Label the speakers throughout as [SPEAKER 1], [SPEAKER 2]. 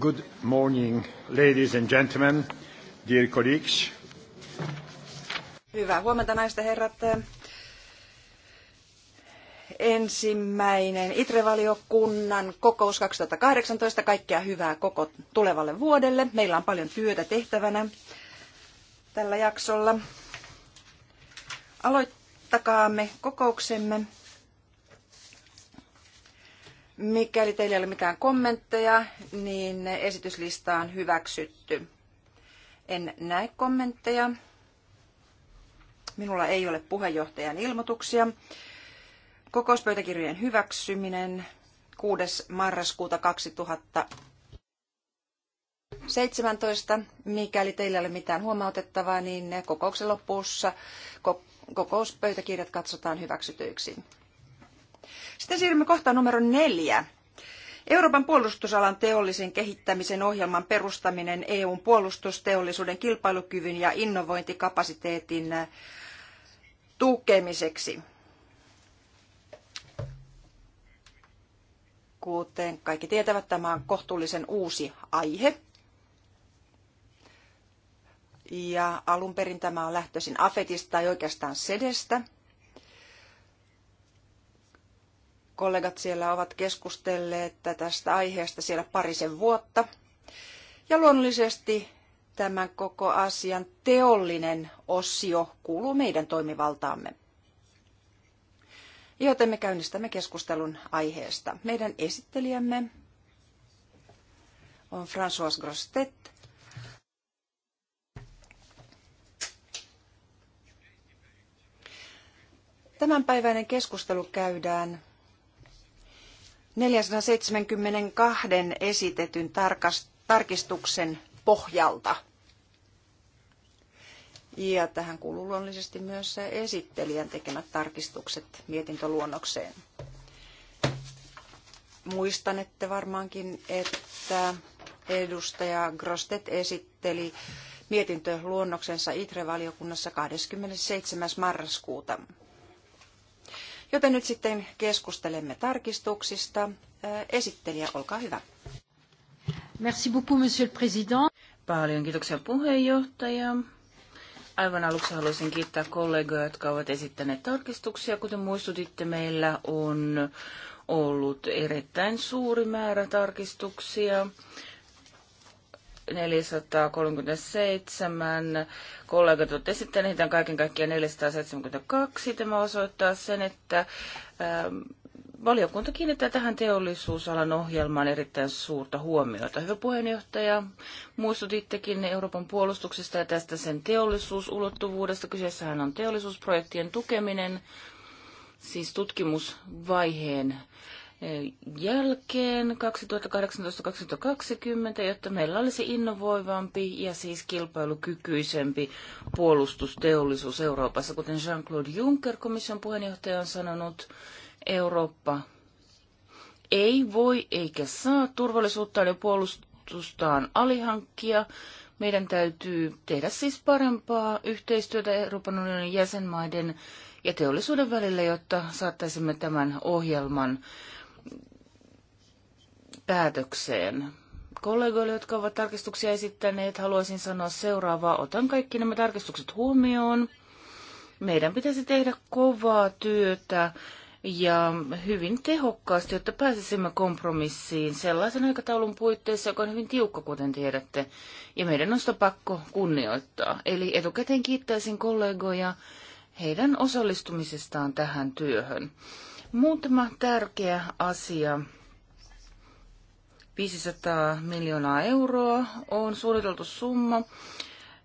[SPEAKER 1] Good morning, ladies and gentlemen, dear colleagues.
[SPEAKER 2] Hyvää huomenta naisten herrat. Ensimmäinen ITRE-valiokunnan kokous 2018. Kaikkea hyvää koko tulevalle vuodelle. Meillä on paljon työtä tehtävänä tällä jaksolla. Aloittakaamme kokouksemme Mikäli teillä ei ole mitään kommentteja, niin esityslista on hyväksytty. En näe kommentteja. Minulla ei ole puheenjohtajan ilmoituksia. Kokouspöytäkirjojen hyväksyminen 6. marraskuuta 2017. Mikäli teillä ei ole mitään huomautettavaa, niin kokouksen lopussa kokouspöytäkirjat katsotaan hyväksytyiksi. Sitten siirrymme kohtaan numero neljä. Euroopan puolustusalan teollisen kehittämisen ohjelman perustaminen EUn puolustusteollisuuden kilpailukyvyn ja innovointikapasiteetin äh, tukemiseksi. Kuten kaikki tietävät, tämä on kohtuullisen uusi aihe. Ja alun perin tämä on lähtöisin Afetista tai oikeastaan Sedestä – kollegat siellä ovat keskustelleet tästä aiheesta siellä parisen vuotta. Ja luonnollisesti tämän koko asian teollinen osio kuuluu meidän toimivaltaamme. Joten me käynnistämme keskustelun aiheesta. Meidän esittelijämme on François Grostet. Tämänpäiväinen keskustelu käydään 472 esitetyn tarkistuksen pohjalta. Ja tähän kuuluu luonnollisesti myös esittelijän tekemät tarkistukset mietintöluonnokseen. Muistanette varmaankin, että edustaja Grostet esitteli mietintöluonnoksensa ITRE-valiokunnassa 27. marraskuuta Joten nyt sitten keskustelemme tarkistuksista. Esittelijä, olkaa hyvä.
[SPEAKER 3] Merci beaucoup, monsieur le président. Paljon kiitoksia puheenjohtaja. Aivan aluksi haluaisin kiittää kollegoja, jotka ovat esittäneet tarkistuksia. Kuten muistutitte, meillä on ollut erittäin suuri määrä tarkistuksia. 437 kollegat ovat esittäneet, on kaiken kaikkiaan 472. Tämä osoittaa sen, että ähm, valiokunta kiinnittää tähän teollisuusalan ohjelmaan erittäin suurta huomiota. Hyvä puheenjohtaja, muistutittekin Euroopan puolustuksesta ja tästä sen teollisuusulottuvuudesta. Kyseessähän on teollisuusprojektien tukeminen, siis tutkimusvaiheen jälkeen 2018-2020, jotta meillä olisi innovoivampi ja siis kilpailukykyisempi puolustusteollisuus Euroopassa. Kuten Jean-Claude Juncker, komission puheenjohtaja, on sanonut, Eurooppa ei voi eikä saa turvallisuutta ja puolustustaan alihankkia. Meidän täytyy tehdä siis parempaa yhteistyötä Euroopan unionin jäsenmaiden ja teollisuuden välillä, jotta saattaisimme tämän ohjelman päätökseen. Kollegoille, jotka ovat tarkistuksia esittäneet, haluaisin sanoa seuraavaa. Otan kaikki nämä tarkistukset huomioon. Meidän pitäisi tehdä kovaa työtä ja hyvin tehokkaasti, jotta pääsisimme kompromissiin sellaisen aikataulun puitteissa, joka on hyvin tiukka, kuten tiedätte, ja meidän on sitä pakko kunnioittaa. Eli etukäteen kiittäisin kollegoja heidän osallistumisestaan tähän työhön. Muutama tärkeä asia 500 miljoonaa euroa on suunniteltu summa.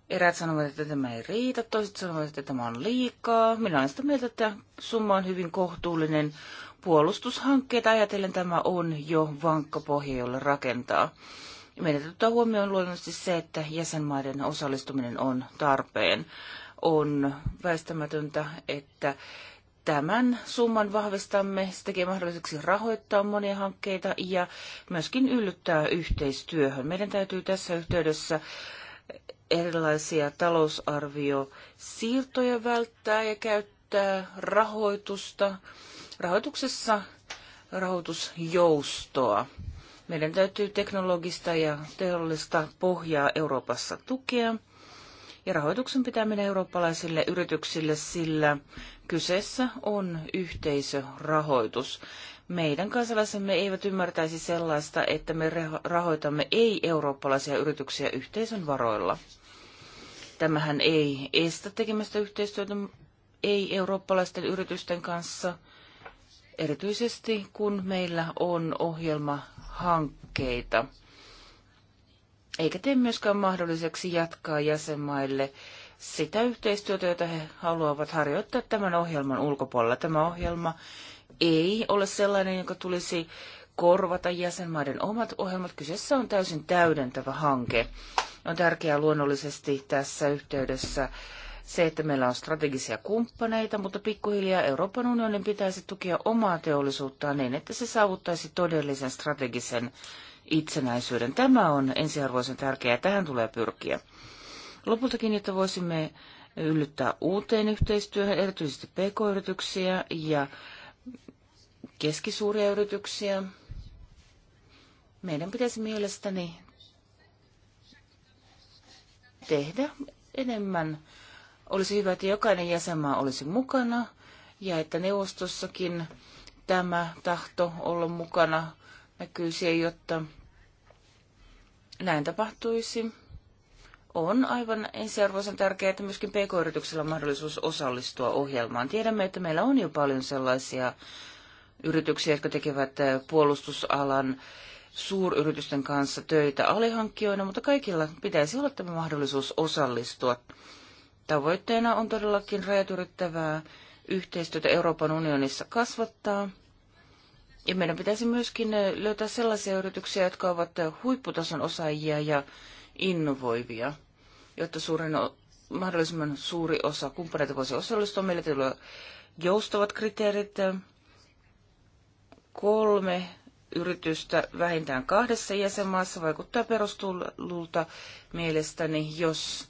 [SPEAKER 3] Erät sanovat, että tämä ei riitä, toiset sanovat, että tämä on liikaa. Minä olen sitä mieltä, että summa on hyvin kohtuullinen. Puolustushankkeita ajatellen tämä on jo vankka pohja, jolle rakentaa. Meidän täytyy ottaa huomioon luonnollisesti se, että jäsenmaiden osallistuminen on tarpeen. On väistämätöntä, että tämän summan vahvistamme. Se tekee mahdolliseksi rahoittaa monia hankkeita ja myöskin yllyttää yhteistyöhön. Meidän täytyy tässä yhteydessä erilaisia talousarviosiirtoja välttää ja käyttää rahoitusta. Rahoituksessa rahoitusjoustoa. Meidän täytyy teknologista ja teollista pohjaa Euroopassa tukea. Ja rahoituksen pitää eurooppalaisille yrityksille, sillä kyseessä on yhteisörahoitus. Meidän kansalaisemme eivät ymmärtäisi sellaista, että me rahoitamme ei-eurooppalaisia yrityksiä yhteisön varoilla. Tämähän ei estä tekemästä yhteistyötä ei-eurooppalaisten yritysten kanssa, erityisesti kun meillä on ohjelmahankkeita eikä tee myöskään mahdolliseksi jatkaa jäsenmaille sitä yhteistyötä, jota he haluavat harjoittaa tämän ohjelman ulkopuolella. Tämä ohjelma ei ole sellainen, joka tulisi korvata jäsenmaiden omat ohjelmat. Kyseessä on täysin täydentävä hanke. On tärkeää luonnollisesti tässä yhteydessä se, että meillä on strategisia kumppaneita, mutta pikkuhiljaa Euroopan unionin pitäisi tukea omaa teollisuuttaan niin, että se saavuttaisi todellisen strategisen itsenäisyyden. Tämä on ensiarvoisen tärkeää. Tähän tulee pyrkiä. Lopultakin, että voisimme yllyttää uuteen yhteistyöhön erityisesti pk-yrityksiä ja keskisuuria yrityksiä, meidän pitäisi mielestäni tehdä enemmän. Olisi hyvä, että jokainen jäsenmaa olisi mukana ja että neuvostossakin tämä tahto olla mukana näkyisi, jotta näin tapahtuisi, on aivan ensiarvoisen tärkeää, että myöskin pk-yrityksellä on mahdollisuus osallistua ohjelmaan. Tiedämme, että meillä on jo paljon sellaisia yrityksiä, jotka tekevät puolustusalan suuryritysten kanssa töitä alihankkijoina, mutta kaikilla pitäisi olla tämä mahdollisuus osallistua. Tavoitteena on todellakin rajat yrittävää yhteistyötä Euroopan unionissa kasvattaa – ja meidän pitäisi myöskin löytää sellaisia yrityksiä, jotka ovat huipputason osaajia ja innovoivia, jotta suurin, mahdollisimman suuri osa kumppaneita voisi osallistua. Meillä tulee joustavat kriteerit, kolme yritystä vähintään kahdessa jäsenmaassa vaikuttaa perustululta mielestäni, jos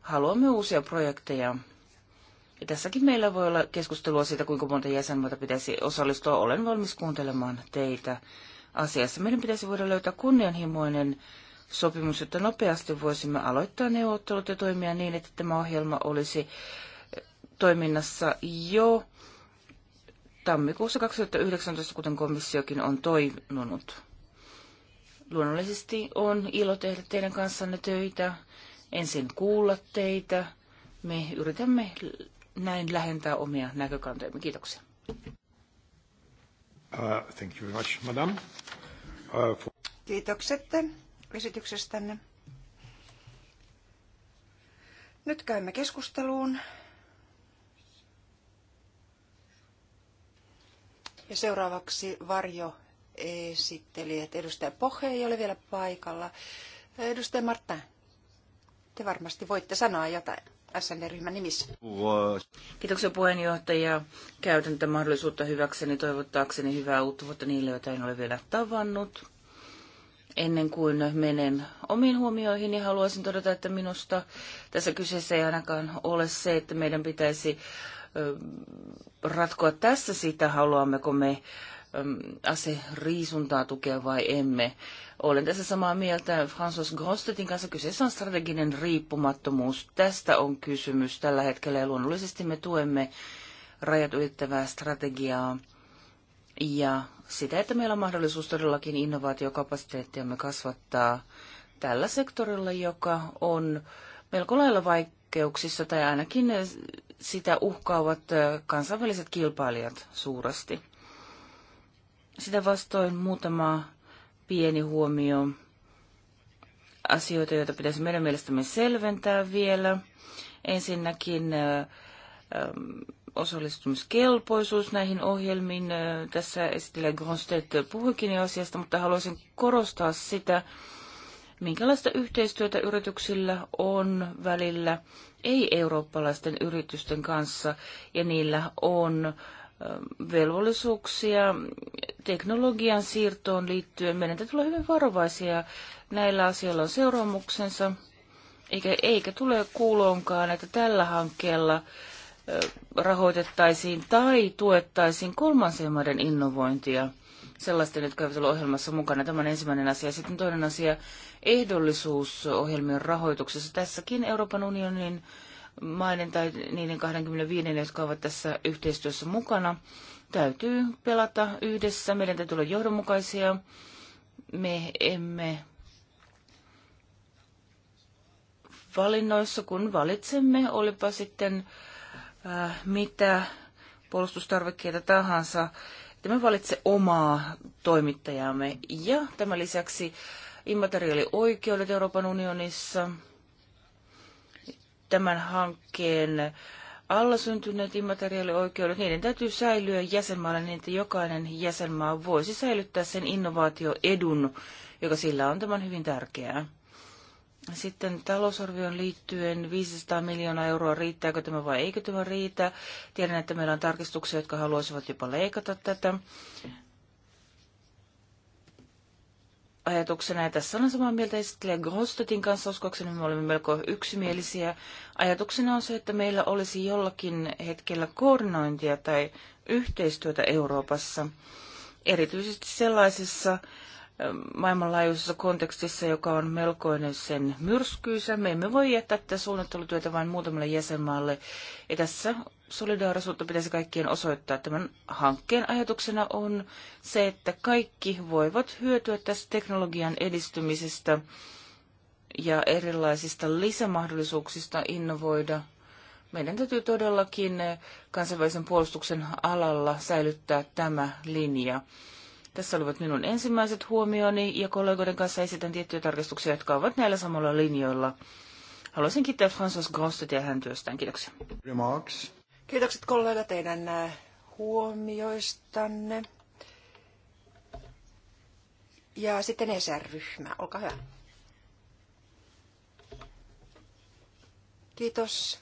[SPEAKER 3] haluamme uusia projekteja ja tässäkin meillä voi olla keskustelua siitä, kuinka monta jäsenmaata pitäisi osallistua. Olen valmis kuuntelemaan teitä asiassa. Meidän pitäisi voida löytää kunnianhimoinen sopimus, jotta nopeasti voisimme aloittaa neuvottelut ja toimia niin, että tämä ohjelma olisi toiminnassa jo tammikuussa 2019, kuten komissiokin on toiminut. Luonnollisesti on ilo tehdä teidän kanssanne töitä, ensin kuulla teitä. Me yritämme näin lähentää omia näkökantojamme. Kiitoksia. Uh,
[SPEAKER 1] thank you very much, madam. Uh, for...
[SPEAKER 2] Kiitokset esityksestänne. Nyt käymme keskusteluun. Ja seuraavaksi varjo esitteli, että edustaja Pohe ei ole vielä paikalla. Edustaja Martta, te varmasti voitte sanoa jotain. SND-ryhmän
[SPEAKER 3] nimissä. Kiitoksia puheenjohtaja. Käytän tätä mahdollisuutta hyväkseni toivottaakseni hyvää uutta vuotta niille, joita en ole vielä tavannut. Ennen kuin menen omiin huomioihin, niin haluaisin todeta, että minusta tässä kyseessä ei ainakaan ole se, että meidän pitäisi ratkoa tässä sitä, haluammeko me aseriisuntaa tukea vai emme. Olen tässä samaa mieltä François Grostetin kanssa. Kyseessä on strateginen riippumattomuus. Tästä on kysymys tällä hetkellä ja luonnollisesti me tuemme rajat ylittävää strategiaa ja sitä, että meillä on mahdollisuus todellakin innovaatiokapasiteettiamme kasvattaa tällä sektorilla, joka on melko lailla vaikeuksissa tai ainakin sitä uhkaavat kansainväliset kilpailijat suuresti. Sitä vastoin muutama pieni huomio asioita, joita pitäisi meidän mielestämme selventää vielä. Ensinnäkin osallistumiskelpoisuus näihin ohjelmiin. Tässä esitellä Gronstedt puhuikin jo asiasta, mutta haluaisin korostaa sitä, minkälaista yhteistyötä yrityksillä on välillä ei-eurooppalaisten yritysten kanssa, ja niillä on velvollisuuksia teknologian siirtoon liittyen meidän täytyy olla hyvin varovaisia. Näillä asioilla on seuraamuksensa, eikä, eikä tule kuuloonkaan, että tällä hankkeella rahoitettaisiin tai tuettaisiin kolmansien maiden innovointia sellaisten, jotka eivät ole ohjelmassa mukana. Tämä on ensimmäinen asia. Sitten toinen asia, ehdollisuus ohjelmien rahoituksessa. Tässäkin Euroopan unionin maiden tai niiden 25, jotka ovat tässä yhteistyössä mukana, täytyy pelata yhdessä. Meidän täytyy olla johdonmukaisia. Me emme valinnoissa, kun valitsemme, olipa sitten äh, mitä puolustustarvikkeita tahansa, että me valitse omaa toimittajamme. Ja tämän lisäksi immateriaalioikeudet Euroopan unionissa, tämän hankkeen alla syntyneet immateriaalioikeudet, niiden täytyy säilyä jäsenmaalle niin, että jokainen jäsenmaa voisi säilyttää sen innovaatioedun, joka sillä on tämän hyvin tärkeää. Sitten talousarvioon liittyen 500 miljoonaa euroa, riittääkö tämä vai eikö tämä riitä? Tiedän, että meillä on tarkistuksia, jotka haluaisivat jopa leikata tätä ajatuksena, ja tässä olen samaa mieltä esittelijä Grostotin kanssa, uskoakseni me olemme melko yksimielisiä. Ajatuksena on se, että meillä olisi jollakin hetkellä koordinointia tai yhteistyötä Euroopassa, erityisesti sellaisessa ähm, maailmanlaajuisessa kontekstissa, joka on melkoinen sen myrskyisä. Me emme voi jättää tätä suunnittelutyötä vain muutamalle jäsenmaalle. Ja tässä solidaarisuutta pitäisi kaikkien osoittaa. Tämän hankkeen ajatuksena on se, että kaikki voivat hyötyä tästä teknologian edistymisestä ja erilaisista lisämahdollisuuksista innovoida. Meidän täytyy todellakin kansainvälisen puolustuksen alalla säilyttää tämä linja. Tässä olivat minun ensimmäiset huomioni ja kollegoiden kanssa esitän tiettyjä tarkistuksia, jotka ovat näillä samalla linjoilla. Haluaisin kiittää François Grostet ja hän työstään. Kiitoksia. Remarks.
[SPEAKER 2] Kiitokset kollega teidän äh, huomioistanne. Ja sitten ESR-ryhmä, olkaa hyvä. Kiitos.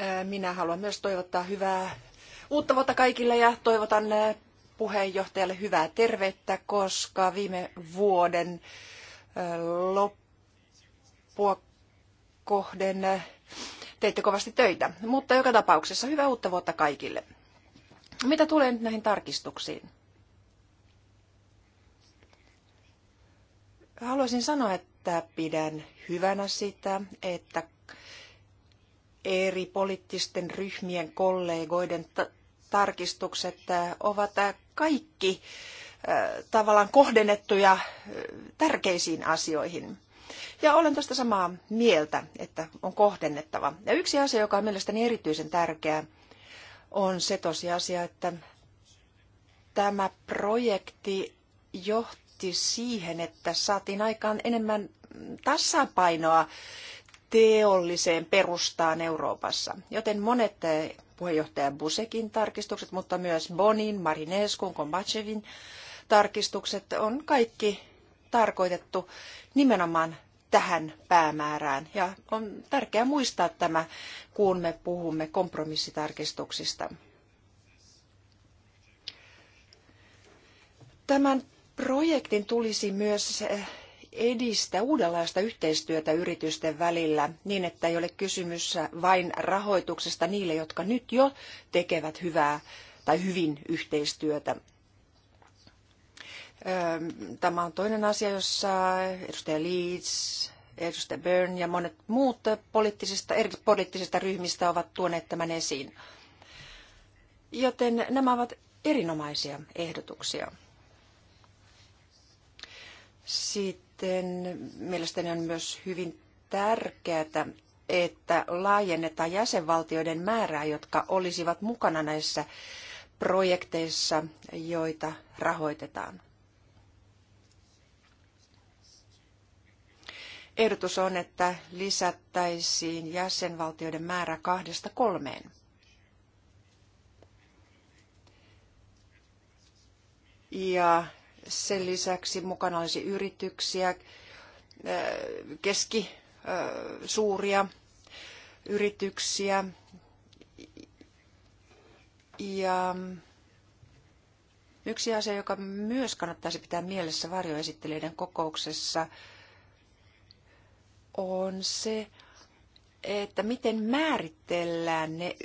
[SPEAKER 2] Äh, minä haluan myös toivottaa hyvää uutta vuotta kaikille ja toivotan äh, puheenjohtajalle hyvää terveyttä, koska viime vuoden loppua kohden teitte kovasti töitä. Mutta joka tapauksessa hyvää uutta vuotta kaikille. Mitä tulee nyt näihin tarkistuksiin? Haluaisin sanoa, että pidän hyvänä sitä, että eri poliittisten ryhmien kollegoiden tarkistukset äh, ovat äh, kaikki äh, tavallaan kohdennettuja tärkeisiin asioihin. Ja olen tästä samaa mieltä, että on kohdennettava. Ja yksi asia, joka on mielestäni erityisen tärkeä, on se tosiasia, että tämä projekti johti siihen, että saatiin aikaan enemmän tasapainoa teolliseen perustaan Euroopassa. Joten monet eh, puheenjohtaja Busekin tarkistukset, mutta myös Bonin, Marineskun, Kombachevin tarkistukset on kaikki tarkoitettu nimenomaan tähän päämäärään. Ja on tärkeää muistaa tämä, kun me puhumme kompromissitarkistuksista. Tämän projektin tulisi myös edistää uudenlaista yhteistyötä yritysten välillä niin, että ei ole kysymys vain rahoituksesta niille, jotka nyt jo tekevät hyvää tai hyvin yhteistyötä. Tämä on toinen asia, jossa edustaja Leeds, edustaja Byrne ja monet muut poliittisista, eri poliittisista ryhmistä ovat tuoneet tämän esiin. Joten nämä ovat erinomaisia ehdotuksia. Sitten mielestäni on myös hyvin tärkeää, että laajennetaan jäsenvaltioiden määrää, jotka olisivat mukana näissä projekteissa, joita rahoitetaan. Ehdotus on, että lisättäisiin jäsenvaltioiden määrä kahdesta kolmeen. Ja sen lisäksi mukana olisi yrityksiä, äh, keskisuuria äh, yrityksiä ja mm, yksi asia, joka myös kannattaisi pitää mielessä varjoesittelijöiden kokouksessa, on se, että miten määritellään ne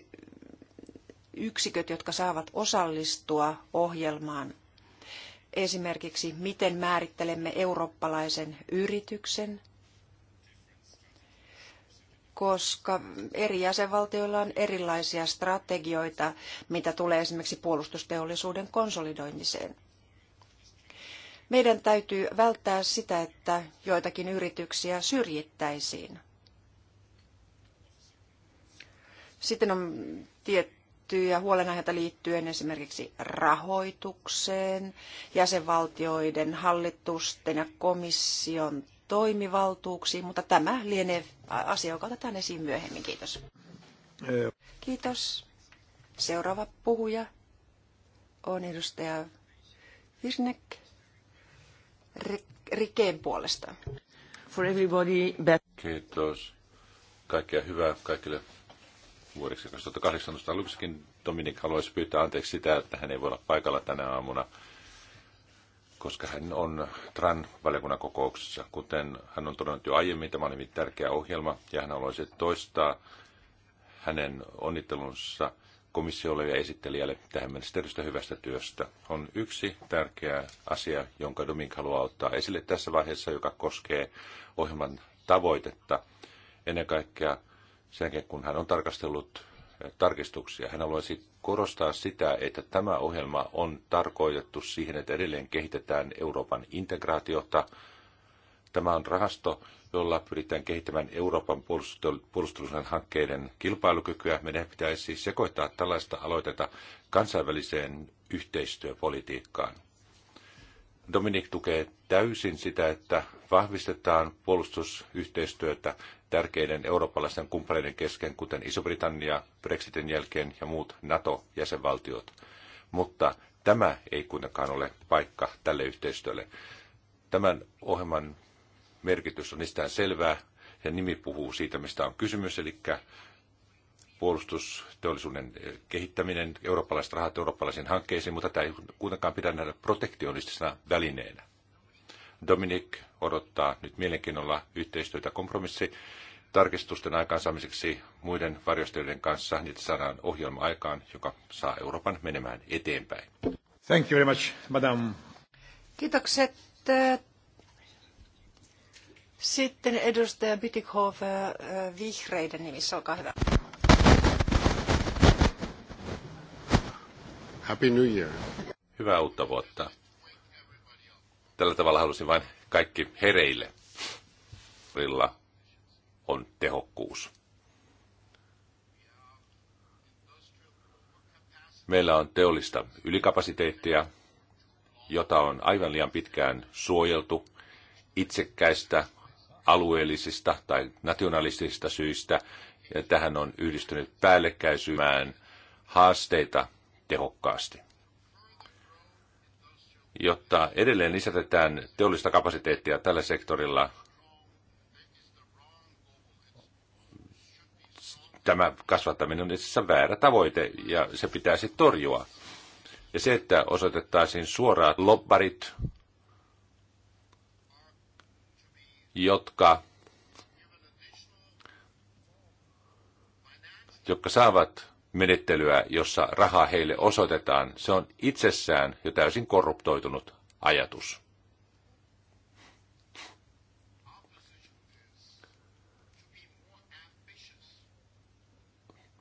[SPEAKER 2] yksiköt, jotka saavat osallistua ohjelmaan. Esimerkiksi, miten määrittelemme eurooppalaisen yrityksen, koska eri jäsenvaltioilla on erilaisia strategioita, mitä tulee esimerkiksi puolustusteollisuuden konsolidoimiseen. Meidän täytyy välttää sitä, että joitakin yrityksiä syrjittäisiin. Sitten on tiettyjä huolenaiheita liittyen esimerkiksi rahoitukseen, jäsenvaltioiden hallitusten ja komission toimivaltuuksiin, mutta tämä lienee asia, joka otetaan esiin myöhemmin. Kiitos. Kiitos. Seuraava puhuja on edustaja Virnek Rikeen puolesta. For everybody
[SPEAKER 1] back. Kiitos. Kaikkea hyvää kaikille vuodeksi 2018. Aluksikin Dominik haluaisi pyytää anteeksi sitä, että hän ei voi olla paikalla tänä aamuna, koska hän on TRAN-valiokunnan kokouksessa. Kuten hän on todennut jo aiemmin, tämä on hyvin tärkeä ohjelma ja hän haluaisi toistaa hänen onnittelunsa – komissiolle ja esittelijälle tähän mennessä tehdystä hyvästä työstä. On yksi tärkeä asia, jonka Dominik haluaa ottaa esille tässä vaiheessa, joka koskee ohjelman tavoitetta. Ennen kaikkea sen jälkeen, kun hän on tarkastellut eh, tarkistuksia, hän haluaisi korostaa sitä, että tämä ohjelma on tarkoitettu siihen, että edelleen kehitetään Euroopan integraatiota – Tämä on rahasto, jolla pyritään kehittämään Euroopan puolustuksen hankkeiden kilpailukykyä. Meidän pitäisi sekoittaa tällaista aloitetta kansainväliseen yhteistyöpolitiikkaan. Dominik tukee täysin sitä, että vahvistetaan puolustusyhteistyötä tärkeiden eurooppalaisten kumppaneiden kesken, kuten Iso-Britannia, Brexitin jälkeen ja muut NATO-jäsenvaltiot. Mutta tämä ei kuitenkaan ole paikka tälle yhteistyölle. Tämän ohjelman merkitys on istään selvää ja nimi puhuu siitä, mistä on kysymys, eli puolustusteollisuuden kehittäminen, eurooppalaiset rahat eurooppalaisiin hankkeisiin, mutta tämä ei kuitenkaan pidä nähdä protektionistisena välineenä. Dominik odottaa nyt mielenkiinnolla yhteistyötä kompromissi tarkistusten aikaansaamiseksi muiden varjostajien kanssa, niin että saadaan ohjelma aikaan, joka saa Euroopan menemään eteenpäin. Thank you very much, madam. Kiitokset
[SPEAKER 2] sitten edustaja Bytikhoff äh, vihreiden nimissä, olkaa hyvä.
[SPEAKER 1] Happy New Year. Hyvää uutta vuotta. Tällä tavalla halusin vain kaikki hereille. Rilla on tehokkuus. Meillä on teollista ylikapasiteettia, jota on aivan liian pitkään suojeltu, itsekkäistä alueellisista tai nationalistisista syistä. Ja tähän on yhdistynyt päällekkäisymään haasteita tehokkaasti. Jotta edelleen lisätetään teollista kapasiteettia tällä sektorilla, tämä kasvattaminen on itse asiassa väärä tavoite ja se pitäisi torjua. Ja se, että osoitettaisiin suoraan lobbarit jotka, jotka saavat menettelyä, jossa rahaa heille osoitetaan, se on itsessään jo täysin korruptoitunut ajatus.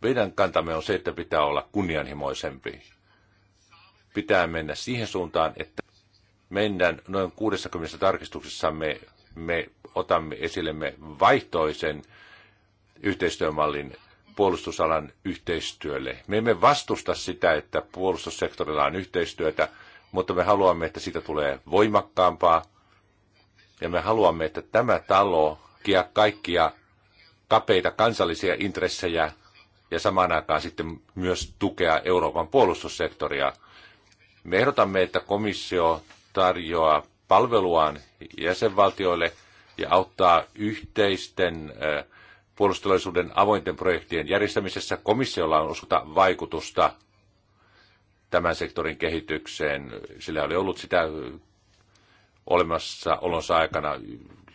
[SPEAKER 1] Meidän kantamme on se, että pitää olla kunnianhimoisempi. Pitää mennä siihen suuntaan, että meidän noin 60 tarkistuksessamme me otamme esillemme vaihtoisen yhteistyömallin puolustusalan yhteistyölle. Me emme vastusta sitä, että puolustussektorilla on yhteistyötä, mutta me haluamme, että siitä tulee voimakkaampaa. Ja me haluamme, että tämä talo kia kaikkia kapeita kansallisia intressejä ja samaan aikaan sitten myös tukea Euroopan puolustussektoria. Me ehdotamme, että komissio tarjoaa palveluaan jäsenvaltioille – ja auttaa yhteisten puolustusteollisuuden avointen projektien järjestämisessä. Komissiolla on osuutta vaikutusta tämän sektorin kehitykseen. Sillä oli ollut sitä olemassa olonsa aikana,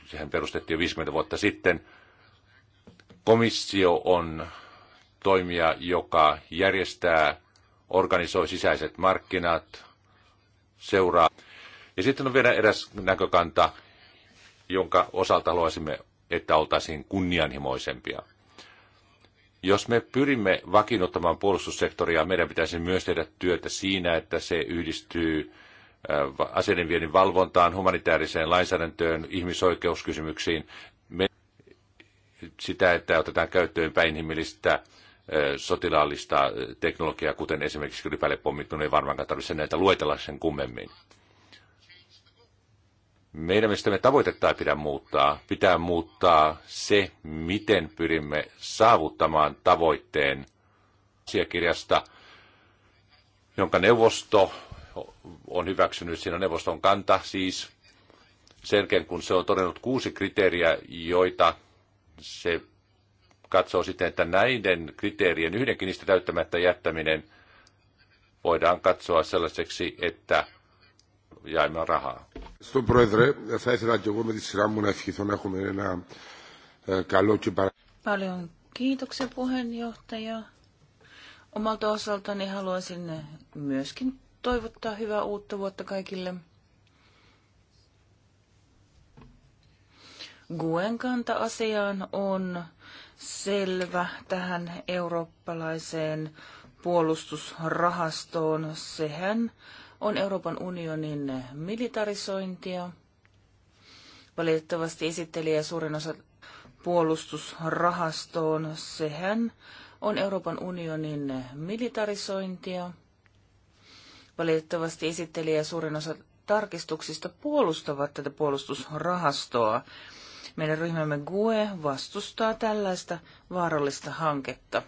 [SPEAKER 1] sehän perustettiin jo 50 vuotta sitten. Komissio on toimija, joka järjestää, organisoi sisäiset markkinat, seuraa. Ja sitten on vielä eräs näkökanta, jonka osalta haluaisimme, että oltaisiin kunnianhimoisempia. Jos me pyrimme vakiinnuttamaan puolustussektoria, meidän pitäisi myös tehdä työtä siinä, että se yhdistyy äh, aseiden viennin valvontaan, humanitaariseen lainsäädäntöön, ihmisoikeuskysymyksiin. Me sitä, että otetaan käyttöön päinhimillistä äh, sotilaallista äh, teknologiaa, kuten esimerkiksi rypälepommit, minun niin ei varmaankaan tarvitse näitä luetella sen kummemmin. Meidän me tavoitetta ei pidä muuttaa. Pitää muuttaa se, miten pyrimme saavuttamaan tavoitteen asiakirjasta, jonka neuvosto on hyväksynyt. Siinä on neuvoston kanta siis selkeän, kun se on todennut kuusi kriteeriä, joita se katsoo sitten, että näiden kriteerien yhdenkin niistä täyttämättä jättäminen voidaan katsoa sellaiseksi, että jaimme rahaa. Στον Πρόεδρε, θα ήθελα και εγώ με τη σειρά μου να ευχηθώ να έχουμε ένα καλό και παρα...
[SPEAKER 3] Paljon kiitoksia puheenjohtaja. Omalta osaltani haluaisin eh, myöskin toivottaa hyvää uutta vuotta kaikille. Guen kanta asiaan on selvä tähän eurooppalaiseen puolustusrahastoon. Sehän on Euroopan unionin militarisointia. Valitettavasti esittelijä suurin osa puolustusrahastoon, sehän on Euroopan unionin militarisointia. Valitettavasti esittelijä suurin osa tarkistuksista puolustavat tätä puolustusrahastoa. Meidän ryhmämme GUE vastustaa tällaista vaarallista hanketta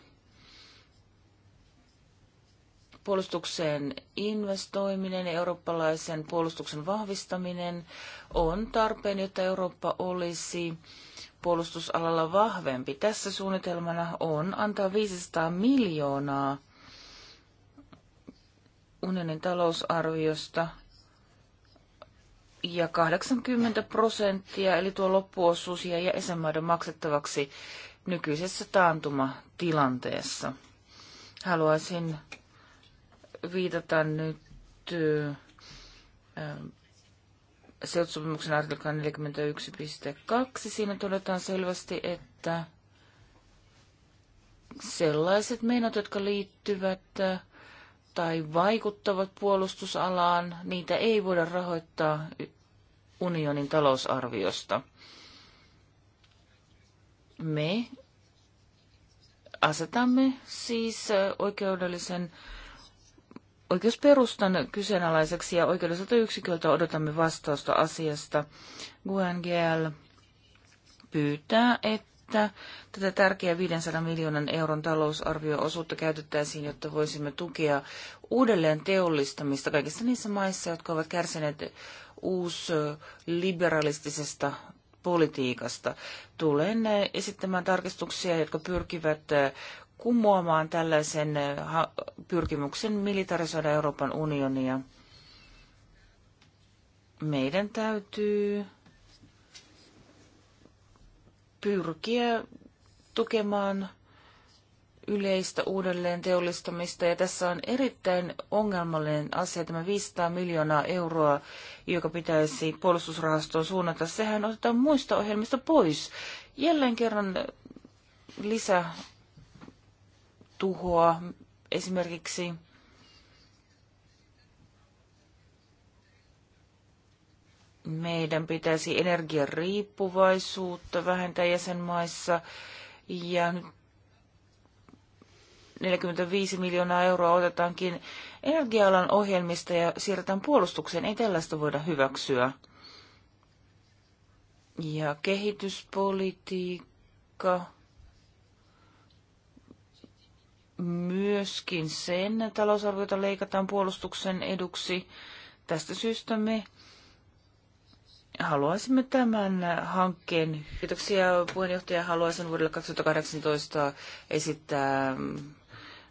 [SPEAKER 3] puolustukseen investoiminen ja eurooppalaisen puolustuksen vahvistaminen on tarpeen, jotta Eurooppa olisi puolustusalalla vahvempi. Tässä suunnitelmana on antaa 500 miljoonaa unionin talousarviosta ja 80 prosenttia, eli tuo loppuosuus jää jäsenmaiden maksettavaksi nykyisessä taantumatilanteessa. Haluaisin viitata nyt ähm, seutusopimuksen artiklaan 41.2. Siinä todetaan selvästi, että sellaiset menot, jotka liittyvät äh, tai vaikuttavat puolustusalaan, niitä ei voida rahoittaa unionin talousarviosta. Me asetamme siis äh, oikeudellisen äh, oikeusperustan kyseenalaiseksi ja oikeudelliselta yksiköltä odotamme vastausta asiasta. UNGL pyytää, että tätä tärkeää 500 miljoonan euron talousarvioosuutta käytettäisiin, jotta voisimme tukea uudelleen teollistamista kaikissa niissä maissa, jotka ovat kärsineet uusliberalistisesta politiikasta. Tulen esittämään tarkistuksia, jotka pyrkivät kumoamaan tällaisen äh, pyrkimyksen militarisoida Euroopan unionia. Meidän täytyy pyrkiä tukemaan yleistä uudelleen teollistamista. Ja tässä on erittäin ongelmallinen asia tämä 500 miljoonaa euroa, joka pitäisi puolustusrahastoon suunnata. Sehän otetaan muista ohjelmista pois. Jälleen kerran lisä tuhoa. Esimerkiksi meidän pitäisi energian riippuvaisuutta vähentää jäsenmaissa ja nyt 45 miljoonaa euroa otetaankin energia-alan ohjelmista ja siirretään puolustukseen. Ei tällaista voida hyväksyä. Ja kehityspolitiikka myöskin sen, talousarviota leikataan puolustuksen eduksi. Tästä syystä me haluaisimme tämän hankkeen. Kiitoksia puheenjohtaja. Haluaisin vuodelle 2018 esittää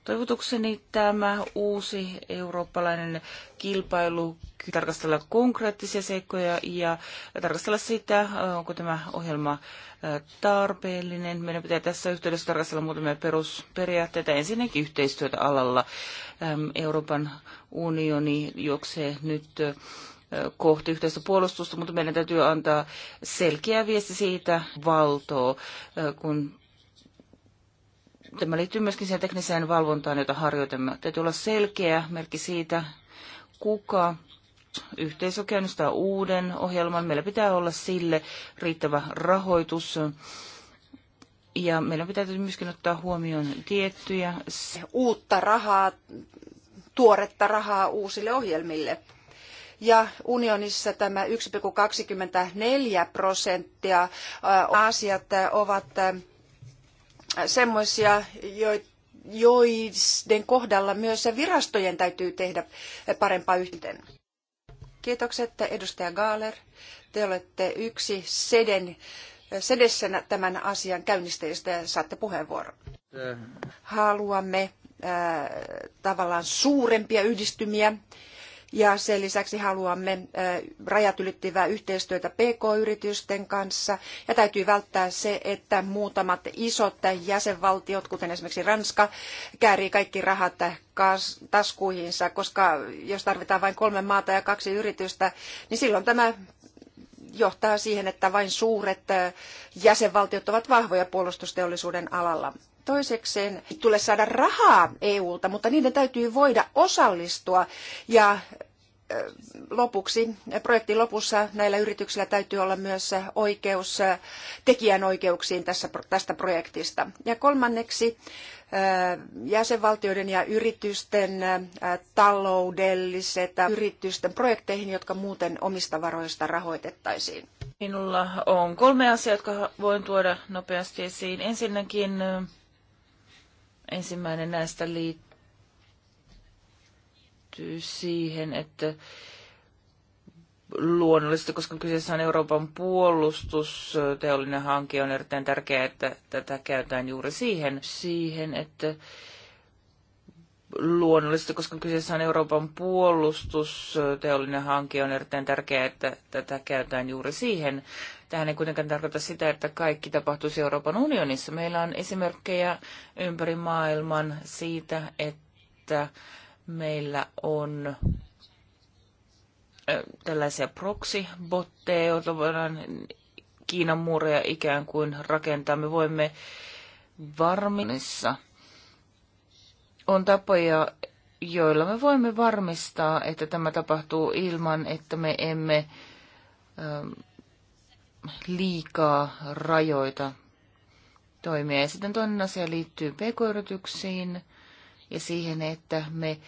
[SPEAKER 3] Toivotukseni tämä uusi eurooppalainen kilpailu tarkastella konkreettisia seikkoja ja tarkastella sitä, onko tämä ohjelma tarpeellinen. Meidän pitää tässä yhteydessä tarkastella muutamia perusperiaatteita. Ensinnäkin yhteistyötä alalla. Euroopan unioni juoksee nyt kohti yhteistä puolustusta, mutta meidän täytyy antaa selkeä viesti siitä valtoo, kun tämä liittyy myöskin siihen tekniseen valvontaan, jota harjoitamme. Täytyy olla selkeä merkki siitä, kuka yhteisö käynnistää uuden ohjelman. Meillä pitää olla sille riittävä rahoitus. Ja meillä pitää myöskin ottaa huomioon tiettyjä...
[SPEAKER 2] Uutta rahaa, tuoretta rahaa uusille ohjelmille. Ja unionissa tämä 1,24 prosenttia asiat ovat semmoisia, joiden kohdalla myös virastojen täytyy tehdä parempaa yhteen. Kiitokset edustaja Gaaler. Te olette yksi seden, sedessä tämän asian käynnistäjistä ja saatte puheenvuoron. Äh. Haluamme äh, tavallaan suurempia yhdistymiä ja sen lisäksi haluamme rajat ylittävää yhteistyötä PK-yritysten kanssa. Ja täytyy välttää se, että muutamat isot jäsenvaltiot, kuten esimerkiksi Ranska, käärii kaikki rahat taskuihinsa, koska jos tarvitaan vain kolme maata ja kaksi yritystä, niin silloin tämä johtaa siihen, että vain suuret jäsenvaltiot ovat vahvoja puolustusteollisuuden alalla. Toisekseen tulee saada rahaa EUlta, mutta niiden täytyy voida osallistua ja lopuksi, projektin lopussa näillä yrityksillä täytyy olla myös oikeus tekijänoikeuksiin tässä, tästä projektista. Ja kolmanneksi jäsenvaltioiden ja yritysten taloudelliset yritysten projekteihin, jotka muuten omista varoista rahoitettaisiin.
[SPEAKER 3] Minulla on kolme asiaa, jotka voin tuoda nopeasti esiin. Ensinnäkin Ensimmäinen näistä liittyy siihen, että luonnollisesti, koska kyseessä on Euroopan puolustusteollinen hanke, on erittäin tärkeää, että tätä käytetään juuri siihen, siihen että luonnollista, koska kyseessä on Euroopan puolustusteollinen hanke, on erittäin tärkeää, että tätä käytetään juuri siihen. Tähän ei kuitenkaan tarkoita sitä, että kaikki tapahtuisi Euroopan unionissa. Meillä on esimerkkejä ympäri maailman siitä, että meillä on tällaisia proxy-botteja, joita voidaan Kiinan muureja ikään kuin rakentaa. Me voimme varmissa on tapoja, joilla me voimme varmistaa, että tämä tapahtuu ilman, että me emme ähm, liikaa rajoita toimia. Ja sitten toinen asia liittyy pk-yrityksiin ja siihen, että me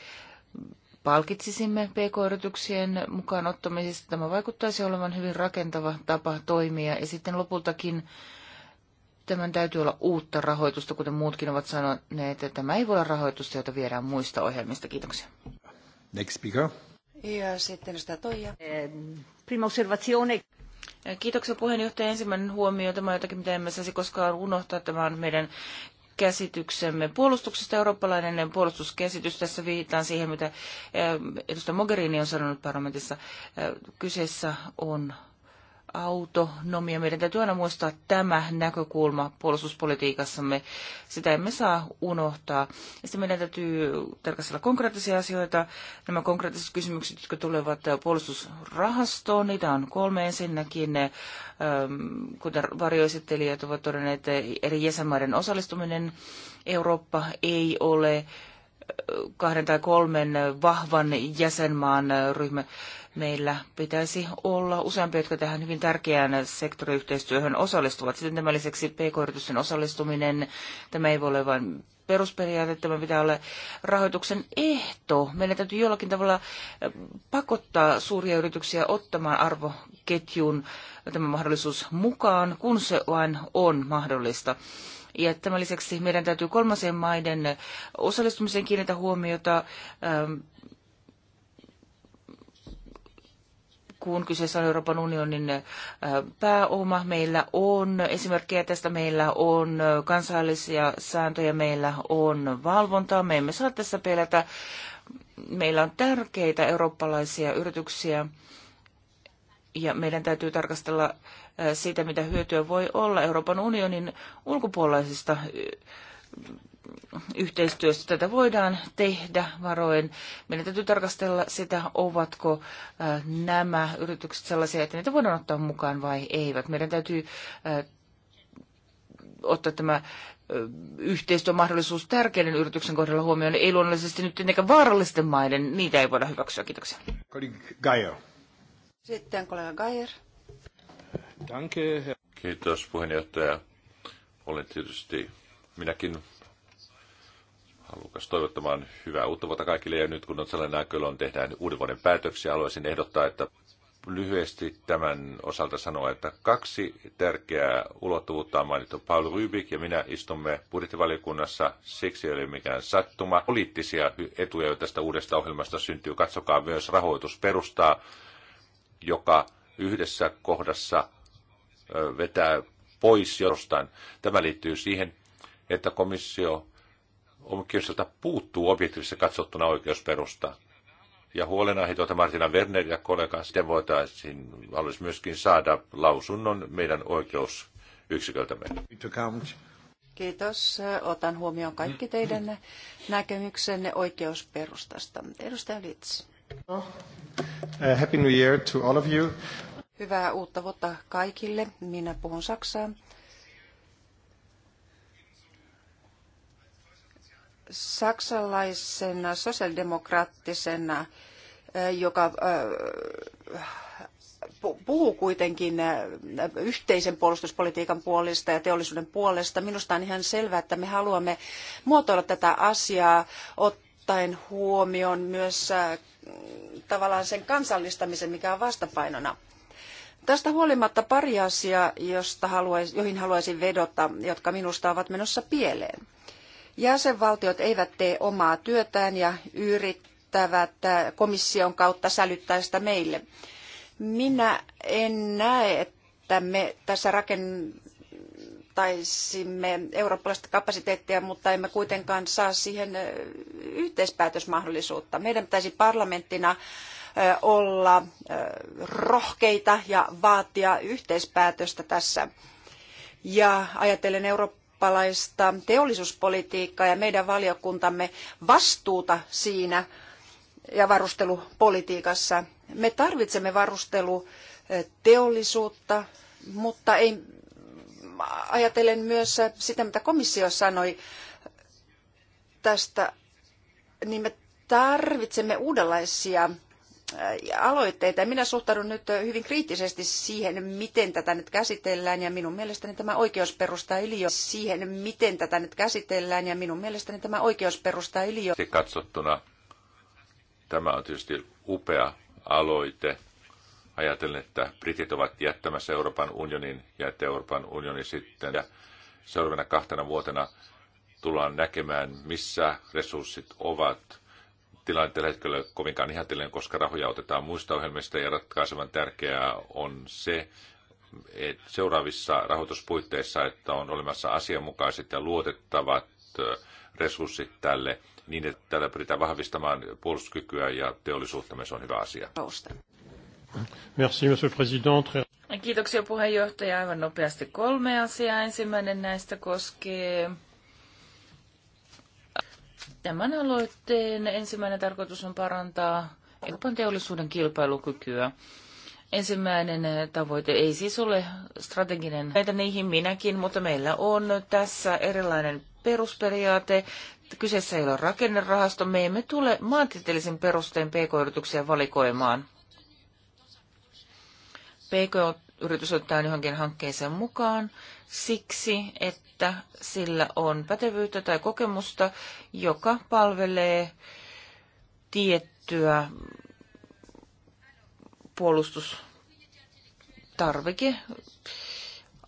[SPEAKER 3] palkitsisimme pk-yrityksien mukaan ottamisesta. Tämä vaikuttaisi olevan hyvin rakentava tapa toimia. Ja sitten lopultakin Tämän täytyy olla uutta rahoitusta, kuten muutkin ovat sanoneet, että tämä ei voi olla rahoitusta, jota viedään muista ohjelmista. Kiitoksia. Next speaker. Ja sitten sitä Toija. Eh, prima osservazione. Kiitoksia puheenjohtaja. Ensimmäinen huomio, tämä on jotakin, mitä emme saisi koskaan unohtaa. Tämä on meidän käsityksemme puolustuksesta, eurooppalainen puolustuskäsitys. Tässä viitataan siihen, mitä eh, edustaja Mogherini on sanonut parlamentissa. Eh, kyseessä on autonomia. Meidän täytyy aina muistaa tämä näkökulma puolustuspolitiikassamme. Sitä emme saa unohtaa. Ja sitten meidän täytyy tarkastella konkreettisia asioita. Nämä konkreettiset kysymykset, jotka tulevat puolustusrahastoon, niitä on kolme ensinnäkin. Ähm, kuten varjoesittelijät ovat todenneet, eri jäsenmaiden osallistuminen Eurooppa ei ole äh, kahden tai kolmen vahvan jäsenmaan ryhmä meillä pitäisi olla useampia, jotka tähän hyvin tärkeään sektoriyhteistyöhön osallistuvat. Sitten tämän lisäksi pk-yritysten osallistuminen, tämä ei voi olla vain perusperiaate, tämä pitää olla rahoituksen ehto. Meidän täytyy jollakin tavalla eh, pakottaa suuria yrityksiä ottamaan arvoketjun eh, tämä mahdollisuus mukaan, kun se vain on mahdollista. Ja tämän lisäksi meidän täytyy kolmasen maiden eh, osallistumiseen kiinnittää huomiota. Ähm, kun kyseessä on Euroopan unionin äh, pääoma. Meillä on esimerkkejä tästä, meillä on äh, kansallisia sääntöjä, meillä on valvontaa. Me emme saa tässä pelätä. Meillä on tärkeitä eurooppalaisia yrityksiä ja meidän täytyy tarkastella äh, siitä, mitä hyötyä voi olla Euroopan unionin ulkopuolisista yhteistyössä tätä voidaan tehdä varoen. Meidän täytyy tarkastella sitä, ovatko nämä yritykset sellaisia, että niitä voidaan ottaa mukaan vai eivät. Meidän täytyy ottaa tämä yhteistyömahdollisuus tärkeiden yrityksen kohdalla huomioon. Ei luonnollisesti nyt tietenkään vaarallisten maiden, niitä ei voida hyväksyä. Kiitoksia.
[SPEAKER 2] Sitten kollega Geier.
[SPEAKER 1] Danke. Kiitos puheenjohtaja. Olen tietysti minäkin halukas toivottamaan hyvää uutta vuotta kaikille. Ja nyt kun on sellainen aika, on tehdään uuden vuoden päätöksiä, haluaisin ehdottaa, että lyhyesti tämän osalta sanoa, että kaksi tärkeää ulottuvuutta on mainittu. Paul Rybik ja minä istumme budjettivaliokunnassa, siksi ei ole mikään sattuma. Poliittisia etuja, joita tästä uudesta ohjelmasta syntyy, katsokaa myös rahoitusperustaa, joka yhdessä kohdassa vetää pois jostain. Tämä liittyy siihen, että komissio oikeusilta puuttuu objektiivisesti katsottuna oikeusperusta. Ja huolenaiheita Martina Werner ja kollega, sitten voitaisiin haluaisi myöskin saada lausunnon meidän oikeusyksiköltämme.
[SPEAKER 2] Kiitos. Otan huomioon kaikki teidän näkemyksenne oikeusperustasta. Edustaja Litz.
[SPEAKER 1] Happy New Year to all of you.
[SPEAKER 2] Hyvää uutta vuotta kaikille. Minä puhun Saksaa. saksalaisena sosiaalidemokraattisen, joka puhuu kuitenkin yhteisen puolustuspolitiikan puolesta ja teollisuuden puolesta. Minusta on ihan selvää, että me haluamme muotoilla tätä asiaa ottaen huomioon myös tavallaan sen kansallistamisen, mikä on vastapainona. Tästä huolimatta pari asiaa, josta haluais, joihin haluaisin vedota, jotka minusta ovat menossa pieleen. Jäsenvaltiot eivät tee omaa työtään ja yrittävät äh, komission kautta sälyttää sitä meille. Minä en näe, että me tässä rakentaisimme eurooppalaista kapasiteettia, mutta emme kuitenkaan saa siihen äh, yhteispäätösmahdollisuutta. Meidän pitäisi parlamenttina äh, olla rohkeita ja vaatia yhteispäätöstä tässä. Ja ajatellen Euroopan eurooppalaista teollisuuspolitiikkaa ja meidän valiokuntamme vastuuta siinä ja varustelupolitiikassa. Me tarvitsemme varusteluteollisuutta, mutta ei ajatellen myös sitä, mitä komissio sanoi tästä, niin me tarvitsemme uudenlaisia Äh, aloitteita. Minä suhtaudun nyt äh, hyvin kriittisesti siihen, miten tätä nyt käsitellään ja minun mielestäni tämä oikeusperusta ei ole siihen, miten tätä nyt käsitellään ja minun mielestäni tämä oikeusperusta ei
[SPEAKER 1] ole. Katsottuna tämä on tietysti upea aloite. Ajatellen, että britit ovat jättämässä Euroopan unionin ja että Euroopan unioni sitten ja seuraavana kahtena vuotena tullaan näkemään, missä resurssit ovat tilanne tällä hetkellä kovinkaan ihanteellinen, koska rahoja otetaan muista ohjelmista ja ratkaisevan tärkeää on se, että seuraavissa rahoituspuitteissa, että on olemassa asianmukaiset ja luotettavat resurssit tälle, niin että tällä pyritään vahvistamaan puolustuskykyä ja teollisuutta, se on hyvä asia. Merci, monsieur le
[SPEAKER 3] Kiitoksia puheenjohtaja. Aivan nopeasti kolme asiaa. Ensimmäinen näistä koskee Tämän aloitteen ensimmäinen tarkoitus on parantaa Euroopan teollisuuden kilpailukykyä. Ensimmäinen tavoite ei siis ole strateginen. Näitä niihin minäkin, mutta meillä on tässä erilainen perusperiaate. Kyseessä ei ole rakennerahasto. Me emme tule maantieteellisen perusteen pk-yrityksiä valikoimaan. pk yritys ottaa johonkin hankkeeseen mukaan siksi, että sillä on pätevyyttä tai kokemusta, joka palvelee tiettyä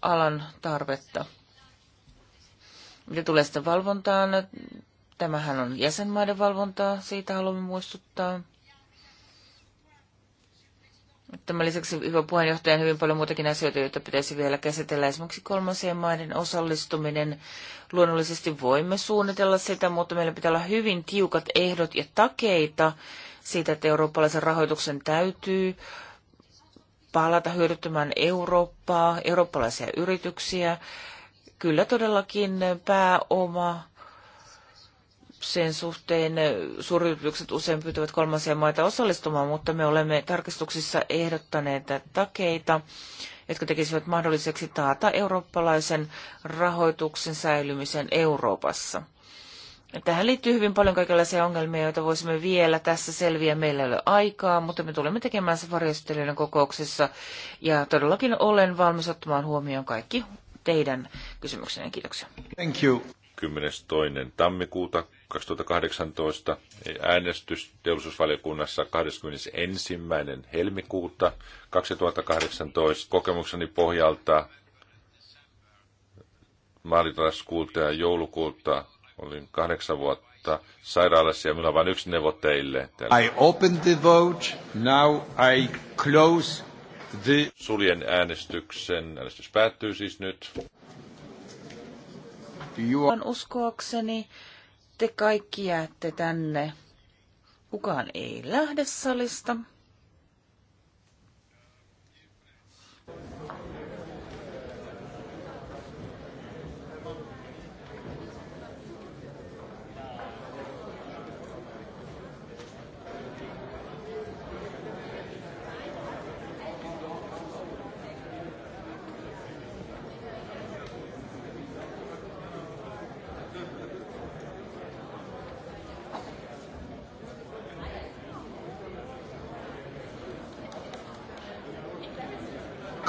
[SPEAKER 3] alan tarvetta. Mitä tulee sitten valvontaan, tämähän on jäsenmaiden valvontaa, siitä haluamme muistuttaa. Tämän lisäksi hyvä puheenjohtaja on hyvin paljon muutakin asioita, joita pitäisi vielä käsitellä. Esimerkiksi kolmansien maiden osallistuminen. Luonnollisesti voimme suunnitella sitä, mutta meillä pitää olla hyvin tiukat ehdot ja takeita siitä, että eurooppalaisen rahoituksen täytyy palata hyödyttämään Eurooppaa, eurooppalaisia yrityksiä. Kyllä todellakin pääoma sen suhteen suuryritykset usein pyytävät kolmansia maita osallistumaan, mutta me olemme tarkistuksissa ehdottaneet takeita, jotka tekisivät mahdolliseksi taata eurooppalaisen rahoituksen säilymisen Euroopassa. Tähän liittyy hyvin paljon kaikenlaisia ongelmia, joita voisimme vielä tässä selviä. Meillä ei ole aikaa, mutta me tulemme tekemään se varjostelijoiden kokouksessa. Ja todellakin olen valmis ottamaan huomioon kaikki teidän kysymyksenne. Kiitoksia.
[SPEAKER 1] Thank you. 22. tammikuuta 2018, äänestys teollisuusvaliokunnassa 21. helmikuuta 2018 kokemukseni pohjalta maalitaskuulta ja joulukuulta olin kahdeksan vuotta sairaalassa ja minulla on vain yksi neuvo teille. I open the vote, now I close the... Suljen äänestyksen. Äänestys päättyy siis nyt. Juon
[SPEAKER 3] uskoakseni te kaikki jäätte tänne. Kukaan ei lähde salista.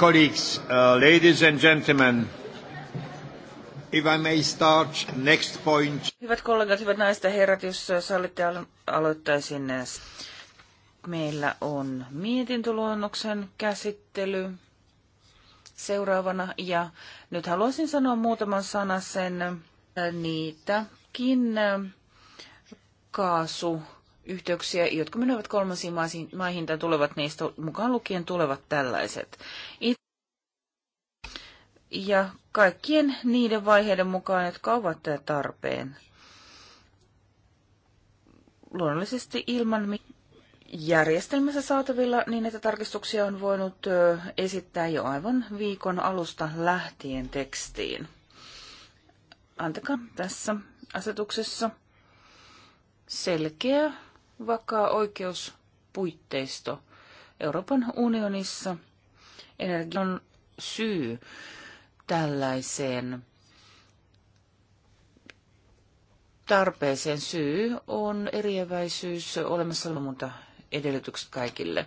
[SPEAKER 1] colleagues, uh, ladies and gentlemen, if I may start next point.
[SPEAKER 3] Hyvät kollegat, hyvät naiset ja herrat, jos sallitte alo- aloittaisin. Meillä on mietintöluonnoksen käsittely seuraavana ja nyt haluaisin sanoa muutaman sanan sen äh, niitäkin äh, kaasu yhteyksiä, jotka menevät kolmansiin maihin tai tulevat niistä mukaan lukien tulevat tällaiset. Ja kaikkien niiden vaiheiden mukaan, jotka ovat tarpeen. Luonnollisesti ilman järjestelmässä saatavilla niin, että tarkistuksia on voinut esittää jo aivan viikon alusta lähtien tekstiin. Antakaa tässä asetuksessa selkeä vakaa oikeuspuitteisto Euroopan unionissa. Energia on syy tällaiseen tarpeeseen. Syy on eriäväisyys olemassa mutta edellytykset kaikille.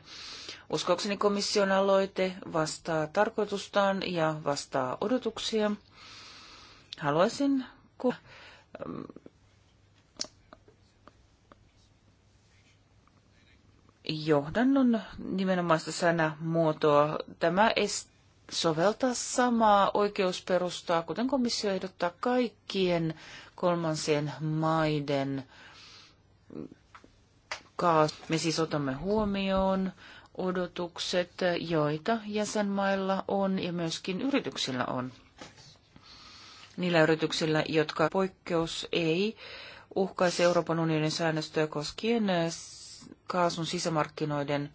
[SPEAKER 3] Uskoakseni komission aloite vastaa tarkoitustaan ja vastaa odotuksia. Haluaisin johdannon nimenomaista sanamuotoa. Tämä estää soveltaa samaa oikeusperustaa, kuten komissio ehdottaa kaikkien kolmansien maiden kaas, Me siis otamme huomioon odotukset, joita jäsenmailla on ja myöskin yrityksillä on. Niillä yrityksillä, jotka poikkeus ei uhkaisi Euroopan unionin säännöstöä koskien kaasun sisämarkkinoiden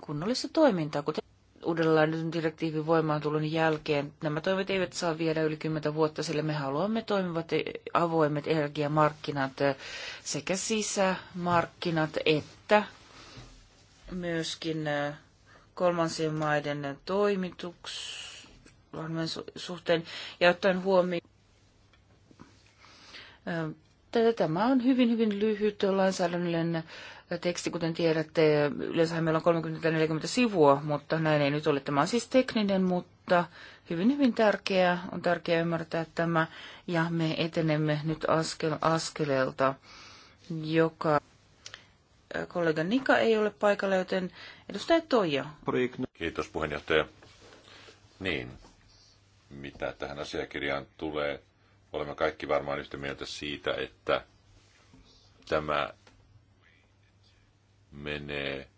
[SPEAKER 3] kunnollista toimintaa, kuten uudenlainen direktiivin voimaantulon jälkeen. Nämä toimet eivät saa viedä yli 10 vuotta, sillä me haluamme toimivat e- avoimet energiamarkkinat, e- sekä sisämarkkinat että myöskin e- kolmansien maiden toimituksen suhteen ja ottaen huomioon Tämä on hyvin, hyvin lyhyt lainsäädännöllinen teksti, kuten tiedätte. Yleensä meillä on 30-40 sivua, mutta näin ei nyt ole. Tämä on siis tekninen, mutta hyvin, hyvin tärkeää. On tärkeää ymmärtää tämä ja me etenemme nyt askel, askeleelta, joka kollega Nika ei ole paikalla, joten edustaja Toija.
[SPEAKER 1] Kiitos puheenjohtaja. Niin, mitä tähän asiakirjaan tulee, olemme kaikki varmaan yhtä mieltä siitä, että tämä menee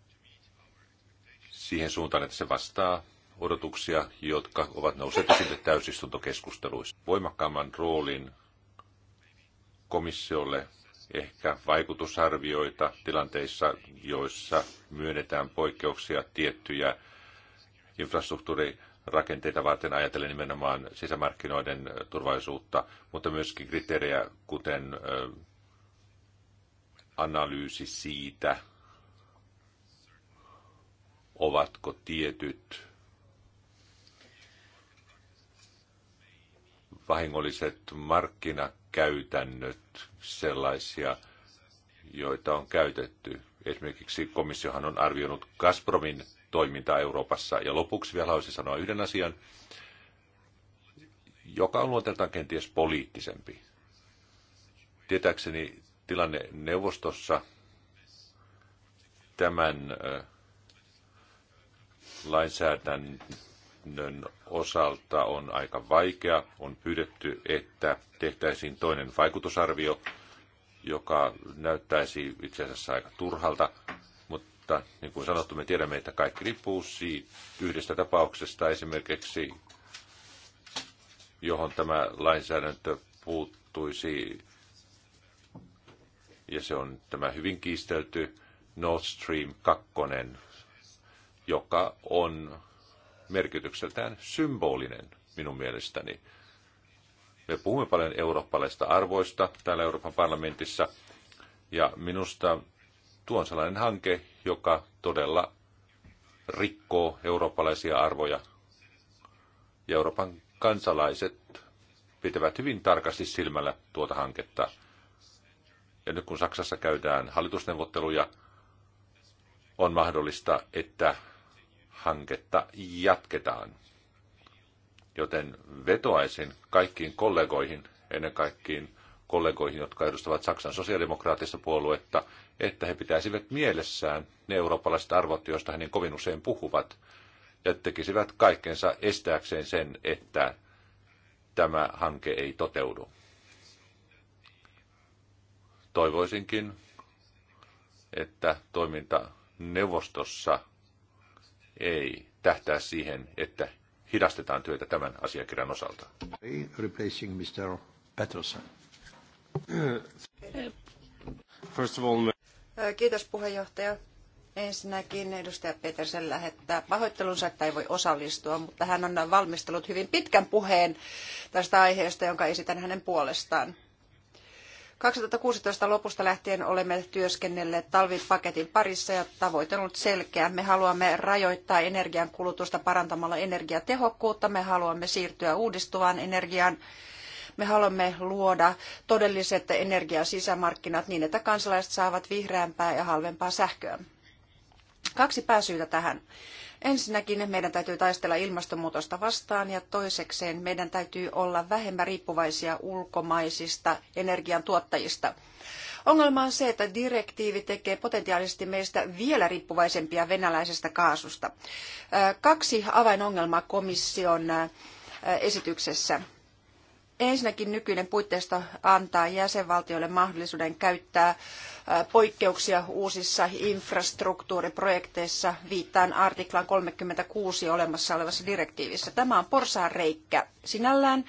[SPEAKER 1] siihen suuntaan, että se vastaa odotuksia, jotka ovat nousseet esille täysistuntokeskusteluissa. Voimakkaamman roolin komissiolle ehkä vaikutusarvioita tilanteissa, joissa myönnetään poikkeuksia tiettyjä infrastruktuuri- rakenteita varten ajatellen nimenomaan sisämarkkinoiden turvallisuutta, mutta myöskin kriteerejä, kuten analyysi siitä, ovatko tietyt vahingolliset markkinakäytännöt sellaisia, joita on käytetty. Esimerkiksi komissiohan on arvioinut Gazpromin toimintaa Euroopassa. Ja lopuksi vielä haluaisin sanoa yhden asian, joka on luonteeltaan kenties poliittisempi. Tietääkseni tilanne neuvostossa tämän lainsäädännön osalta on aika vaikea. On pyydetty, että tehtäisiin toinen vaikutusarvio, joka näyttäisi itse asiassa aika turhalta mutta niin kuin sanottu, me tiedämme, että kaikki riippuu siitä yhdestä tapauksesta esimerkiksi, johon tämä lainsäädäntö puuttuisi, ja se on tämä hyvin kiistelty Nord Stream 2, joka on merkitykseltään symbolinen minun mielestäni. Me puhumme paljon eurooppalaisista arvoista täällä Euroopan parlamentissa, ja minusta tuo on sellainen hanke, joka todella rikkoo eurooppalaisia arvoja. Ja Euroopan kansalaiset pitävät hyvin tarkasti silmällä tuota hanketta. Ja nyt kun Saksassa käydään hallitusneuvotteluja, on mahdollista, että hanketta jatketaan. Joten vetoaisin kaikkiin kollegoihin, ennen kaikkiin kollegoihin, jotka edustavat Saksan sosiaalidemokraattista puoluetta, että he pitäisivät mielessään ne eurooppalaiset arvot, joista he niin kovin usein puhuvat, ja tekisivät kaikkensa estääkseen sen, että tämä hanke ei toteudu. Toivoisinkin, että toiminta neuvostossa ei tähtää siihen, että hidastetaan työtä tämän asiakirjan osalta. Replacing Mr. First of all...
[SPEAKER 2] Kiitos puheenjohtaja. Ensinnäkin edustaja Petersen lähettää pahoittelunsa, että ei voi osallistua, mutta hän on valmistellut hyvin pitkän puheen tästä aiheesta, jonka esitän hänen puolestaan. 2016 lopusta lähtien olemme työskennelleet talvipaketin parissa ja tavoite on ollut selkeä. Me haluamme rajoittaa energiankulutusta parantamalla energiatehokkuutta, me haluamme siirtyä uudistuvaan energiaan me haluamme luoda todelliset energiasisämarkkinat niin, että kansalaiset saavat vihreämpää ja halvempaa sähköä. Kaksi pääsyytä tähän. Ensinnäkin meidän täytyy taistella ilmastonmuutosta vastaan ja toisekseen meidän täytyy olla vähemmän riippuvaisia ulkomaisista energiantuottajista. Ongelma on se, että direktiivi tekee potentiaalisesti meistä vielä riippuvaisempia venäläisestä kaasusta. Kaksi avainongelmaa komission esityksessä. Ensinnäkin nykyinen puitteisto antaa jäsenvaltioille mahdollisuuden käyttää poikkeuksia uusissa infrastruktuuriprojekteissa viittaan artiklaan 36 olemassa olevassa direktiivissä. Tämä on porsaanreikkä sinällään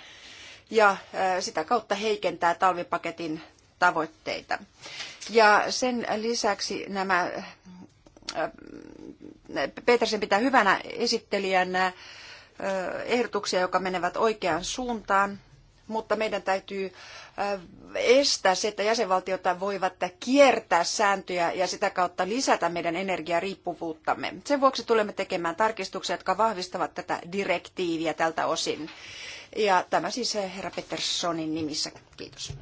[SPEAKER 2] ja sitä kautta heikentää talvipaketin tavoitteita. Ja sen lisäksi nämä Petersen pitää hyvänä esittelijänä ehdotuksia, jotka menevät oikeaan suuntaan mutta meidän täytyy äh, estää se, että jäsenvaltiot voivat kiertää sääntöjä ja sitä kautta lisätä meidän energiariippuvuuttamme. Sen vuoksi tulemme tekemään tarkistuksia, jotka vahvistavat tätä direktiiviä tältä osin. Ja tämä siis äh, herra Peterssonin nimissä. Kiitos.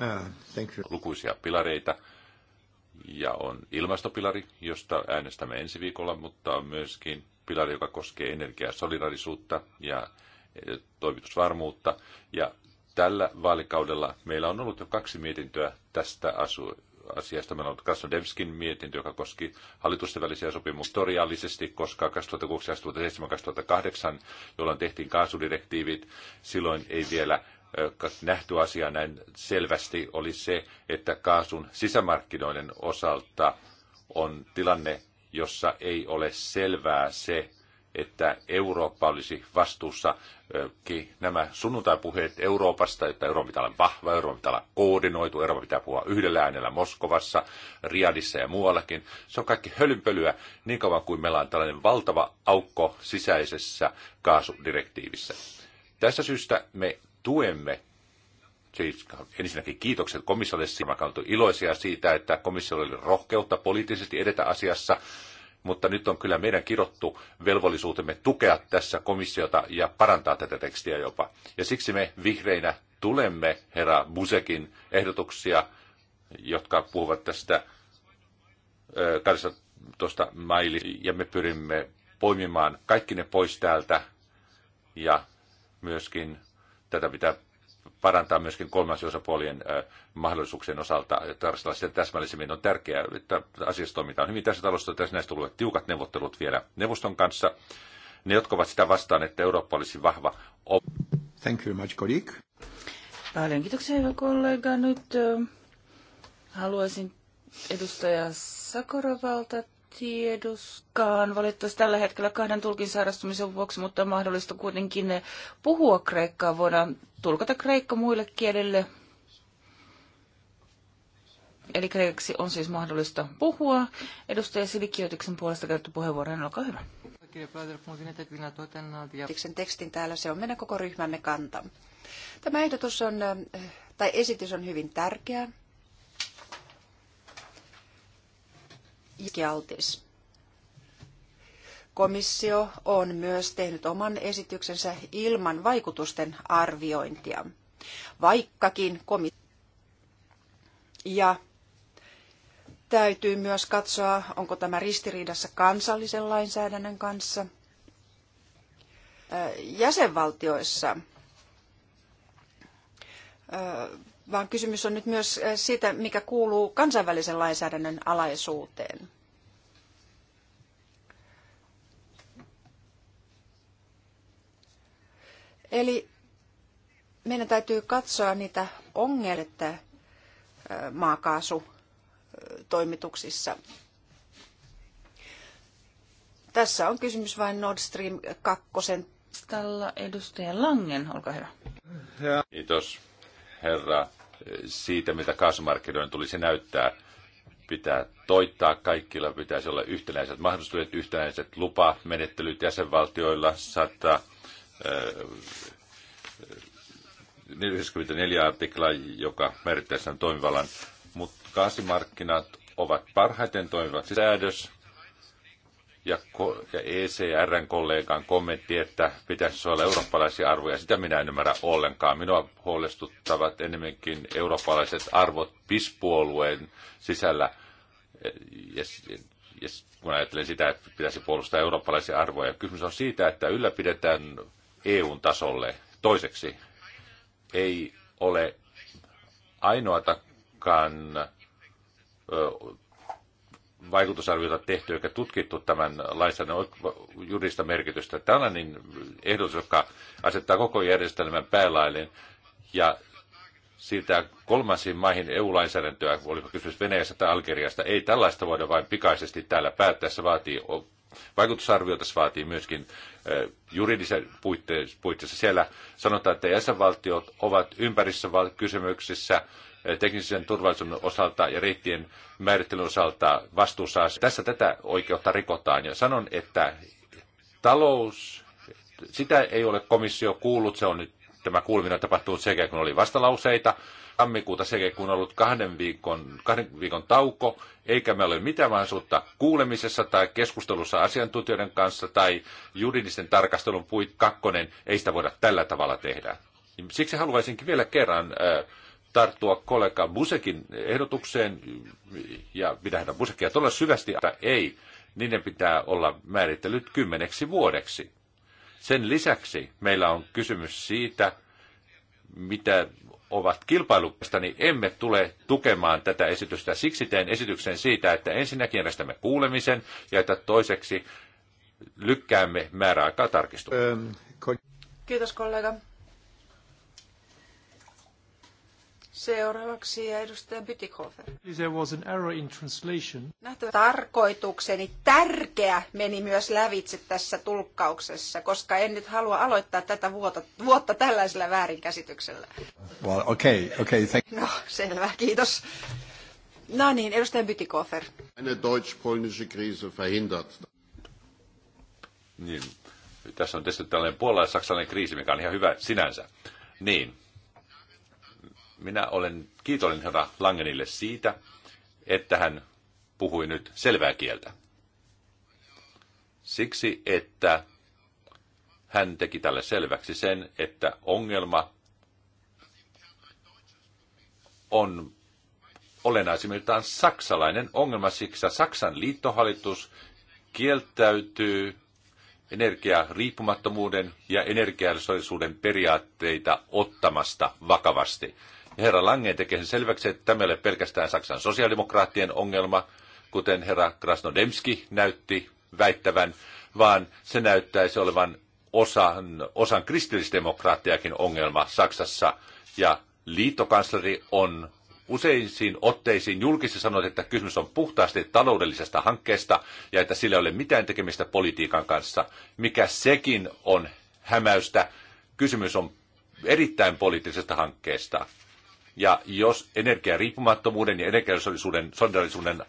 [SPEAKER 1] Ah, thank you. Lukuisia pilareita ja on ilmastopilari, josta äänestämme ensi viikolla, mutta on myöskin pilari, joka koskee energiaa ja solidarisuutta ja toimitusvarmuutta. Ja tällä vaalikaudella meillä on ollut jo kaksi mietintöä tästä asiasta. Meillä on ollut Kasnodemskin mietintö, joka koski hallitusten välisiä sopimuksia historiallisesti, koska 2006, 2007, 2008, jolloin tehtiin kaasudirektiivit, silloin ei vielä nähty asia näin selvästi, oli se, että kaasun sisämarkkinoiden osalta on tilanne, jossa ei ole selvää se, että Eurooppa olisi vastuussa nämä sunnuntaipuheet Euroopasta, että Euroopan pitää olla vahva, Euroopan pitää olla koordinoitu, Euroopan pitää puhua yhdellä äänellä Moskovassa, Riadissa ja muuallakin. Se on kaikki hölynpölyä niin kauan kuin meillä on tällainen valtava aukko sisäisessä kaasudirektiivissä. Tästä syystä me tuemme siis ensinnäkin kiitokset komissiolle. Mä iloisia siitä, että komissiolla oli rohkeutta poliittisesti edetä asiassa mutta nyt on kyllä meidän kirottu velvollisuutemme tukea tässä komissiota ja parantaa tätä tekstiä jopa. Ja siksi me vihreinä tulemme herra Busekin ehdotuksia, jotka puhuvat tästä tuosta maili, ja me pyrimme poimimaan kaikki ne pois täältä, ja myöskin tätä pitää parantaa myöskin kolmansien osapuolien mahdollisuuksien osalta tarkastella sitä täsmällisemmin. On tärkeää, että asiasta toimitaan hyvin tässä talossa. Tässä näistä tulee tiukat neuvottelut vielä neuvoston kanssa. Ne, jotka ovat sitä vastaan, että Eurooppa olisi vahva. Thank you much, colleague.
[SPEAKER 3] Paljon kiitoksia, hyvä kollega. Nyt haluaisin edustaja Sakorovalta tiedoskaan valitettavasti tällä hetkellä kahden tulkin sairastumisen vuoksi, mutta on mahdollista kuitenkin puhua kreikkaa. Voidaan tulkata kreikka muille kielille. Eli kreikaksi on siis mahdollista puhua. Edustaja Silikiotiksen puolesta käytti puheenvuoron, olkaa hyvä.
[SPEAKER 2] Sen tekstin täällä, se on meidän koko ryhmämme kanta. Tämä ehdotus on, äh, tai esitys on hyvin tärkeä jaltis. Komissio on myös tehnyt oman esityksensä ilman vaikutusten arviointia, vaikkakin komissio. Ja täytyy myös katsoa, onko tämä ristiriidassa kansallisen lainsäädännön kanssa. Jäsenvaltioissa vaan kysymys on nyt myös eh, siitä, mikä kuuluu kansainvälisen lainsäädännön alaisuuteen. Eli meidän täytyy katsoa niitä ongelmia eh, maakaasutoimituksissa. Tässä on kysymys vain Nord Stream 2. Tällä edustaja Langen, olkaa
[SPEAKER 1] hyvä. Kiitos, herra siitä, mitä kaasumarkkinoiden tulisi näyttää. Pitää toittaa kaikilla, pitäisi olla yhtenäiset mahdollisuudet, yhtenäiset lupamenettelyt jäsenvaltioilla, saattaa 94 äh, äh, artikla, joka määrittää sen toimivallan, mutta kaasimarkkinat ovat parhaiten toimivat säädös, ja, ja ECRn kollegan kommentti, että pitäisi olla eurooppalaisia arvoja. Sitä minä en ymmärrä ollenkaan. Minua huolestuttavat enemmänkin eurooppalaiset arvot pispuolueen sisällä. Ja, ja kun ajattelen sitä, että pitäisi puolustaa eurooppalaisia arvoja, kysymys on siitä, että ylläpidetään EUn tasolle. Toiseksi ei ole ainoatakaan vaikutusarviota tehty eikä tutkittu tämän lainsäädännön juridista merkitystä. Tällainen ehdotus, joka asettaa koko järjestelmän päälailleen ja siitä kolmansiin maihin EU-lainsäädäntöä, oliko kysymys Venäjästä tai Algeriasta, ei tällaista voida vain pikaisesti täällä päättää. Se vaatii vaikutusarviota, se vaatii myöskin juridisen puitteissa. Siellä sanotaan, että jäsenvaltiot ovat ympäristökysymyksissä kysymyksissä teknisen turvallisuuden osalta ja reittien määrittelyn osalta vastuussa. Tässä tätä oikeutta rikotaan ja sanon, että talous, sitä ei ole komissio kuullut, se on nyt tämä kuuluminen tapahtunut sekä kun oli vastalauseita, tammikuuta sekä kun on ollut kahden viikon, kahden viikon tauko, eikä me ole mitään mahdollisuutta kuulemisessa tai keskustelussa asiantuntijoiden kanssa tai juridisten tarkastelun puit kakkonen, ei sitä voida tällä tavalla tehdä. Siksi haluaisinkin vielä kerran äh, tarttua kollega Busekin ehdotukseen, ja pidän hänen Busekia tuolla syvästi, että ei, ne pitää olla määrittelyt kymmeneksi vuodeksi. Sen lisäksi meillä on kysymys siitä, mitä ovat kilpailupuolesta, niin emme tule tukemaan tätä esitystä. Siksi teen esityksen siitä, että ensinnäkin järjestämme kuulemisen ja että toiseksi lykkäämme määräaikaa tarkistumaan. Ähm,
[SPEAKER 2] Kiitos kollega. Seuraavaksi edustaja Bytikofer.
[SPEAKER 1] There was an error in translation.
[SPEAKER 2] Nähtävä tarkoitukseni tärkeä meni myös lävitse tässä tulkkauksessa, koska en nyt halua aloittaa tätä vuotta, vuotta tällaisella väärinkäsityksellä.
[SPEAKER 1] Well, okay, okay, thank you. No,
[SPEAKER 2] selvä, kiitos. No niin, edustaja Bytikofer.
[SPEAKER 1] Eine
[SPEAKER 3] deutsch-polnische Krise verhindert.
[SPEAKER 1] Niin. Tässä on tietysti tällainen puolalais saksalainen kriisi, mikä on ihan hyvä sinänsä. Niin, minä olen kiitollinen herra Langenille siitä, että hän puhui nyt selvää kieltä. Siksi, että hän teki tälle selväksi sen, että ongelma on olennaisimmiltaan saksalainen ongelma, siksi Saksan liittohallitus kieltäytyy energiariippumattomuuden ja energiallisuuden periaatteita ottamasta vakavasti. Herra Lange tekee sen selväksi, että tämä ei ole pelkästään Saksan sosiaalidemokraattien ongelma, kuten herra Krasnodemski näytti väittävän, vaan se näyttäisi olevan osan, osan kristillisdemokraattiakin ongelma Saksassa. Ja liittokansleri on useisiin otteisiin julkisesti sanonut, että kysymys on puhtaasti taloudellisesta hankkeesta ja että sillä ei ole mitään tekemistä politiikan kanssa, mikä sekin on hämäystä. Kysymys on erittäin poliittisesta hankkeesta. Ja jos energiariippumattomuuden ja energiallisuuden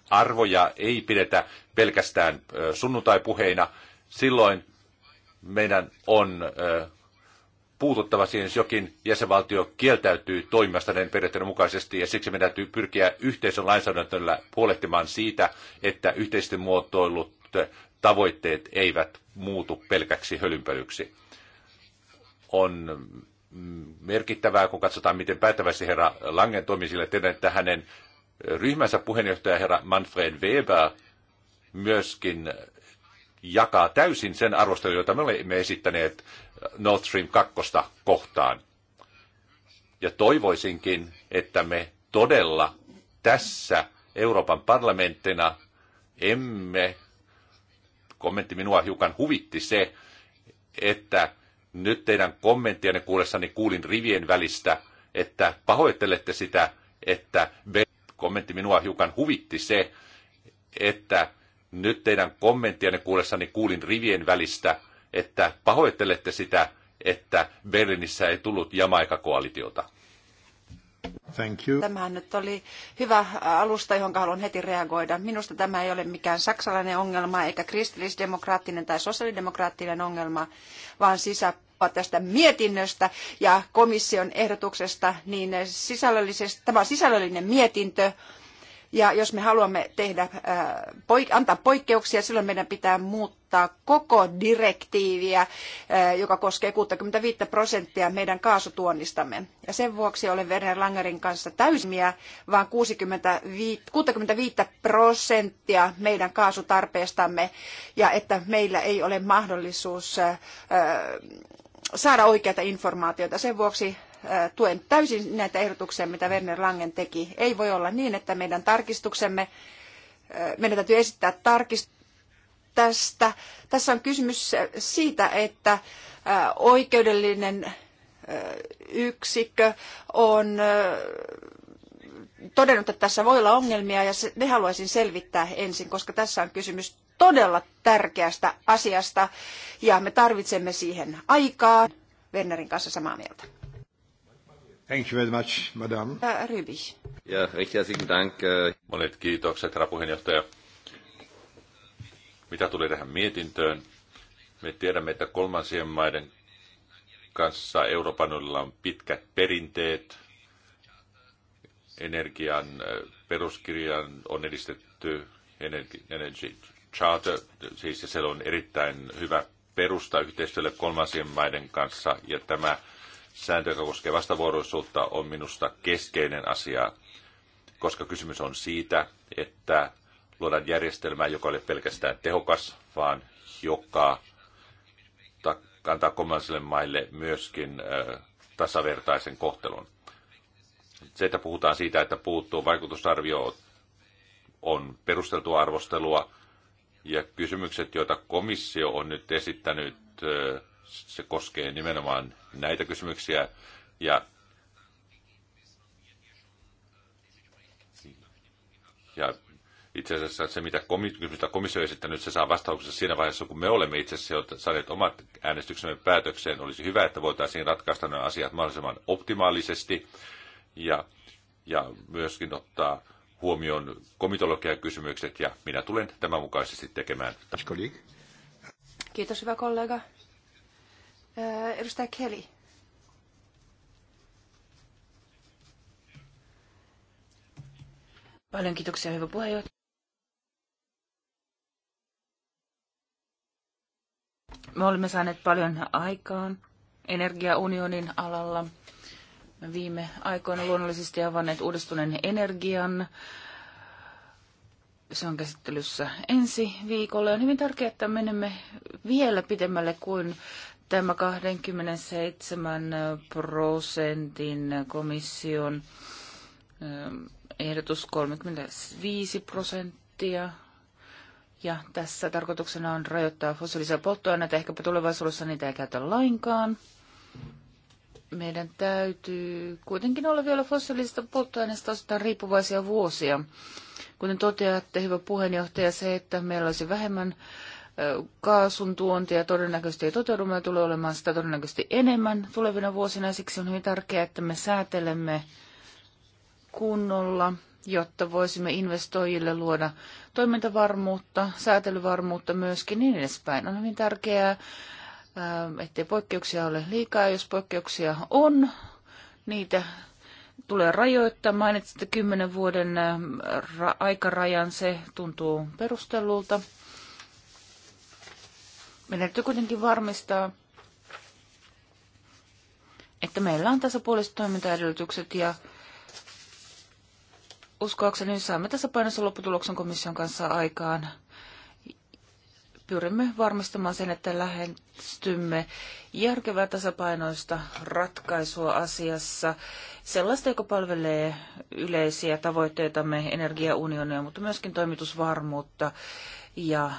[SPEAKER 1] arvoja ei pidetä pelkästään sunnuntai-puheina, silloin meidän on puututtava siihen, jos jokin jäsenvaltio kieltäytyy toimimasta näiden periaatteiden mukaisesti, ja siksi meidän täytyy pyrkiä yhteisön lainsäädännöllä huolehtimaan siitä, että yhteisten muotoilut tavoitteet eivät muutu pelkäksi hölynpölyksi. On merkittävää, kun katsotaan, miten päättävästi herra Langen toimi sillä tiedän, että hänen ryhmänsä puheenjohtaja herra Manfred Weber myöskin jakaa täysin sen arvostelun, jota me olemme esittäneet Nord Stream 2 kohtaan. Ja toivoisinkin, että me todella tässä Euroopan parlamenttina emme, kommentti minua hiukan huvitti se, että nyt teidän kommenttianne kuulessani kuulin rivien välistä, että pahoittelette sitä, että kommentti minua hiukan huvitti se, että nyt teidän kommenttianne kuulessani kuulin rivien välistä, että pahoittelette sitä, että Berlinissä ei tullut Jamaika-koalitiota. Thank
[SPEAKER 2] you. Tämähän nyt oli hyvä alusta, johon haluan heti reagoida. Minusta tämä ei ole mikään saksalainen ongelma, eikä kristillisdemokraattinen tai sosiaalidemokraattinen ongelma, vaan sisä, puhua tästä mietinnöstä ja komission ehdotuksesta, niin sisällöllisesti, tämä on sisällöllinen mietintö. Ja jos me haluamme tehdä, äh, antaa poikkeuksia, silloin meidän pitää muuttaa koko direktiiviä, äh, joka koskee 65 prosenttia meidän kaasutuonnistamme. Ja sen vuoksi olen Werner Langerin kanssa täysmiä, vaan 65, 65 prosenttia meidän kaasutarpeestamme ja että meillä ei ole mahdollisuus äh, saada oikeata informaatiota. Sen vuoksi tuen täysin näitä ehdotuksia, mitä Werner Langen teki. Ei voi olla niin, että meidän tarkistuksemme, meidän täytyy esittää tarkistus tästä. Tässä on kysymys siitä, että oikeudellinen yksikkö on todennut, että tässä voi olla ongelmia ja ne haluaisin selvittää ensin, koska tässä on kysymys todella tärkeästä asiasta ja me tarvitsemme siihen aikaa. Wernerin kanssa samaa mieltä.
[SPEAKER 1] Thank you very much, madam. Ryby. Ja recht herzlichen Dank. Äh. Monet kiitokset, herra puheenjohtaja. Mitä tuli tähän mietintöön? Me tiedämme, että kolmansien maiden kanssa Euroopan on pitkät perinteet, energian äh, peruskirjan on edistetty Energy, Charter, siis se on erittäin hyvä perusta yhteistyölle kolmansien maiden kanssa, ja tämä sääntö, joka koskee vastavuoroisuutta, on minusta keskeinen asia, koska kysymys on siitä, että luodaan järjestelmää, joka ei ole pelkästään tehokas, vaan joka antaa kolmansille maille myöskin äh, tasavertaisen kohtelun. Se, että puhutaan siitä, että puuttuu vaikutusarvio, on perusteltua arvostelua. Ja kysymykset, joita komissio on nyt esittänyt, se koskee nimenomaan näitä kysymyksiä. Ja, ja itse asiassa se, mitä komissio on esittänyt, se saa vastauksessa siinä vaiheessa, kun me olemme itse asiassa saaneet omat äänestyksemme päätökseen. Olisi hyvä, että voitaisiin ratkaista nämä asiat mahdollisimman optimaalisesti ja, ja myöskin ottaa huomioon komitologiakysymykset ja minä tulen tämän mukaisesti tekemään.
[SPEAKER 2] Kiitos hyvä kollega. Äh, edustaja Kelly.
[SPEAKER 1] Paljon
[SPEAKER 3] kiitoksia, hyvä puheenjohtaja. Me olemme saaneet paljon aikaan energiaunionin alalla viime aikoina luonnollisesti avanneet uudistuneen energian. Se on käsittelyssä ensi viikolla. On hyvin tärkeää, että menemme vielä pidemmälle kuin tämä 27 prosentin komission ähm, ehdotus 35 prosenttia. Ja tässä tarkoituksena on rajoittaa fossiilisia polttoaineita. Ehkäpä tulevaisuudessa niitä ei käytä lainkaan meidän täytyy kuitenkin olla vielä fossiilisista polttoaineista osittain riippuvaisia vuosia. Kuten toteatte, hyvä puheenjohtaja, se, että meillä olisi vähemmän kaasun tuontia todennäköisesti ei toteudu. Meillä tulee olemaan sitä todennäköisesti enemmän tulevina vuosina. Siksi on hyvin tärkeää, että me säätelemme kunnolla, jotta voisimme investoijille luoda toimintavarmuutta, säätelyvarmuutta myöskin niin edespäin. On hyvin tärkeää Ähm, ettei poikkeuksia ole liikaa. Jos poikkeuksia on, niitä tulee rajoittaa. Mainitsitte kymmenen vuoden ähm, aikarajan, se tuntuu perustellulta. Meidän täytyy kuitenkin varmistaa, että meillä on tasapuoliset toimintaedellytykset ja uskoakseni saamme tasapainossa lopputuloksen komission kanssa aikaan pyrimme varmistamaan sen, että lähestymme järkevää tasapainoista ratkaisua asiassa, sellaista, joka palvelee yleisiä tavoitteitamme energiaunionia, mutta myöskin toimitusvarmuutta ja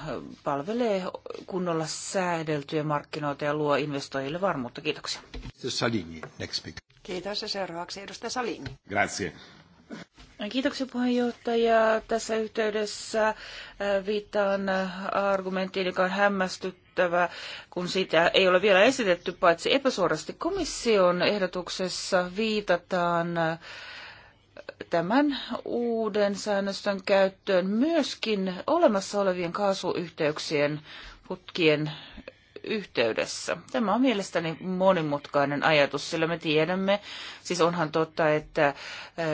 [SPEAKER 3] palvelee kunnolla säädeltyjä markkinoita ja luo investoijille varmuutta. Kiitoksia.
[SPEAKER 1] Salini, next speaker.
[SPEAKER 3] Kiitos ja seuraavaksi edustaja Salini. Grazie. Kiitoksia puheenjohtaja. Tässä yhteydessä äh, viittaan äh, argumenttiin, joka on hämmästyttävä, kun sitä ei ole vielä esitetty, paitsi epäsuorasti komission ehdotuksessa viitataan äh, tämän uuden säännöstön käyttöön myöskin olemassa olevien kaasuyhteyksien putkien yhteydessä. Tämä on mielestäni monimutkainen ajatus, sillä me tiedämme, siis onhan totta, että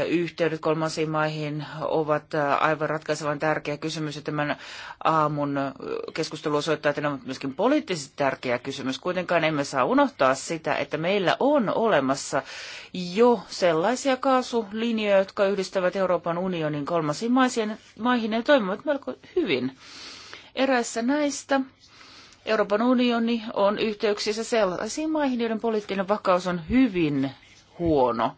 [SPEAKER 3] yhteydet kolmansiin maihin ovat aivan ratkaisevan tärkeä kysymys, ja tämän aamun keskustelu osoittaa, että ne ovat myöskin poliittisesti tärkeä kysymys. Kuitenkaan emme saa unohtaa sitä, että meillä on olemassa jo sellaisia kaasulinjoja, jotka yhdistävät Euroopan unionin kolmansiin maihin ja toimivat melko hyvin. Eräissä näistä Euroopan unioni on yhteyksissä sellaisiin maihin, joiden poliittinen vakaus on hyvin huono.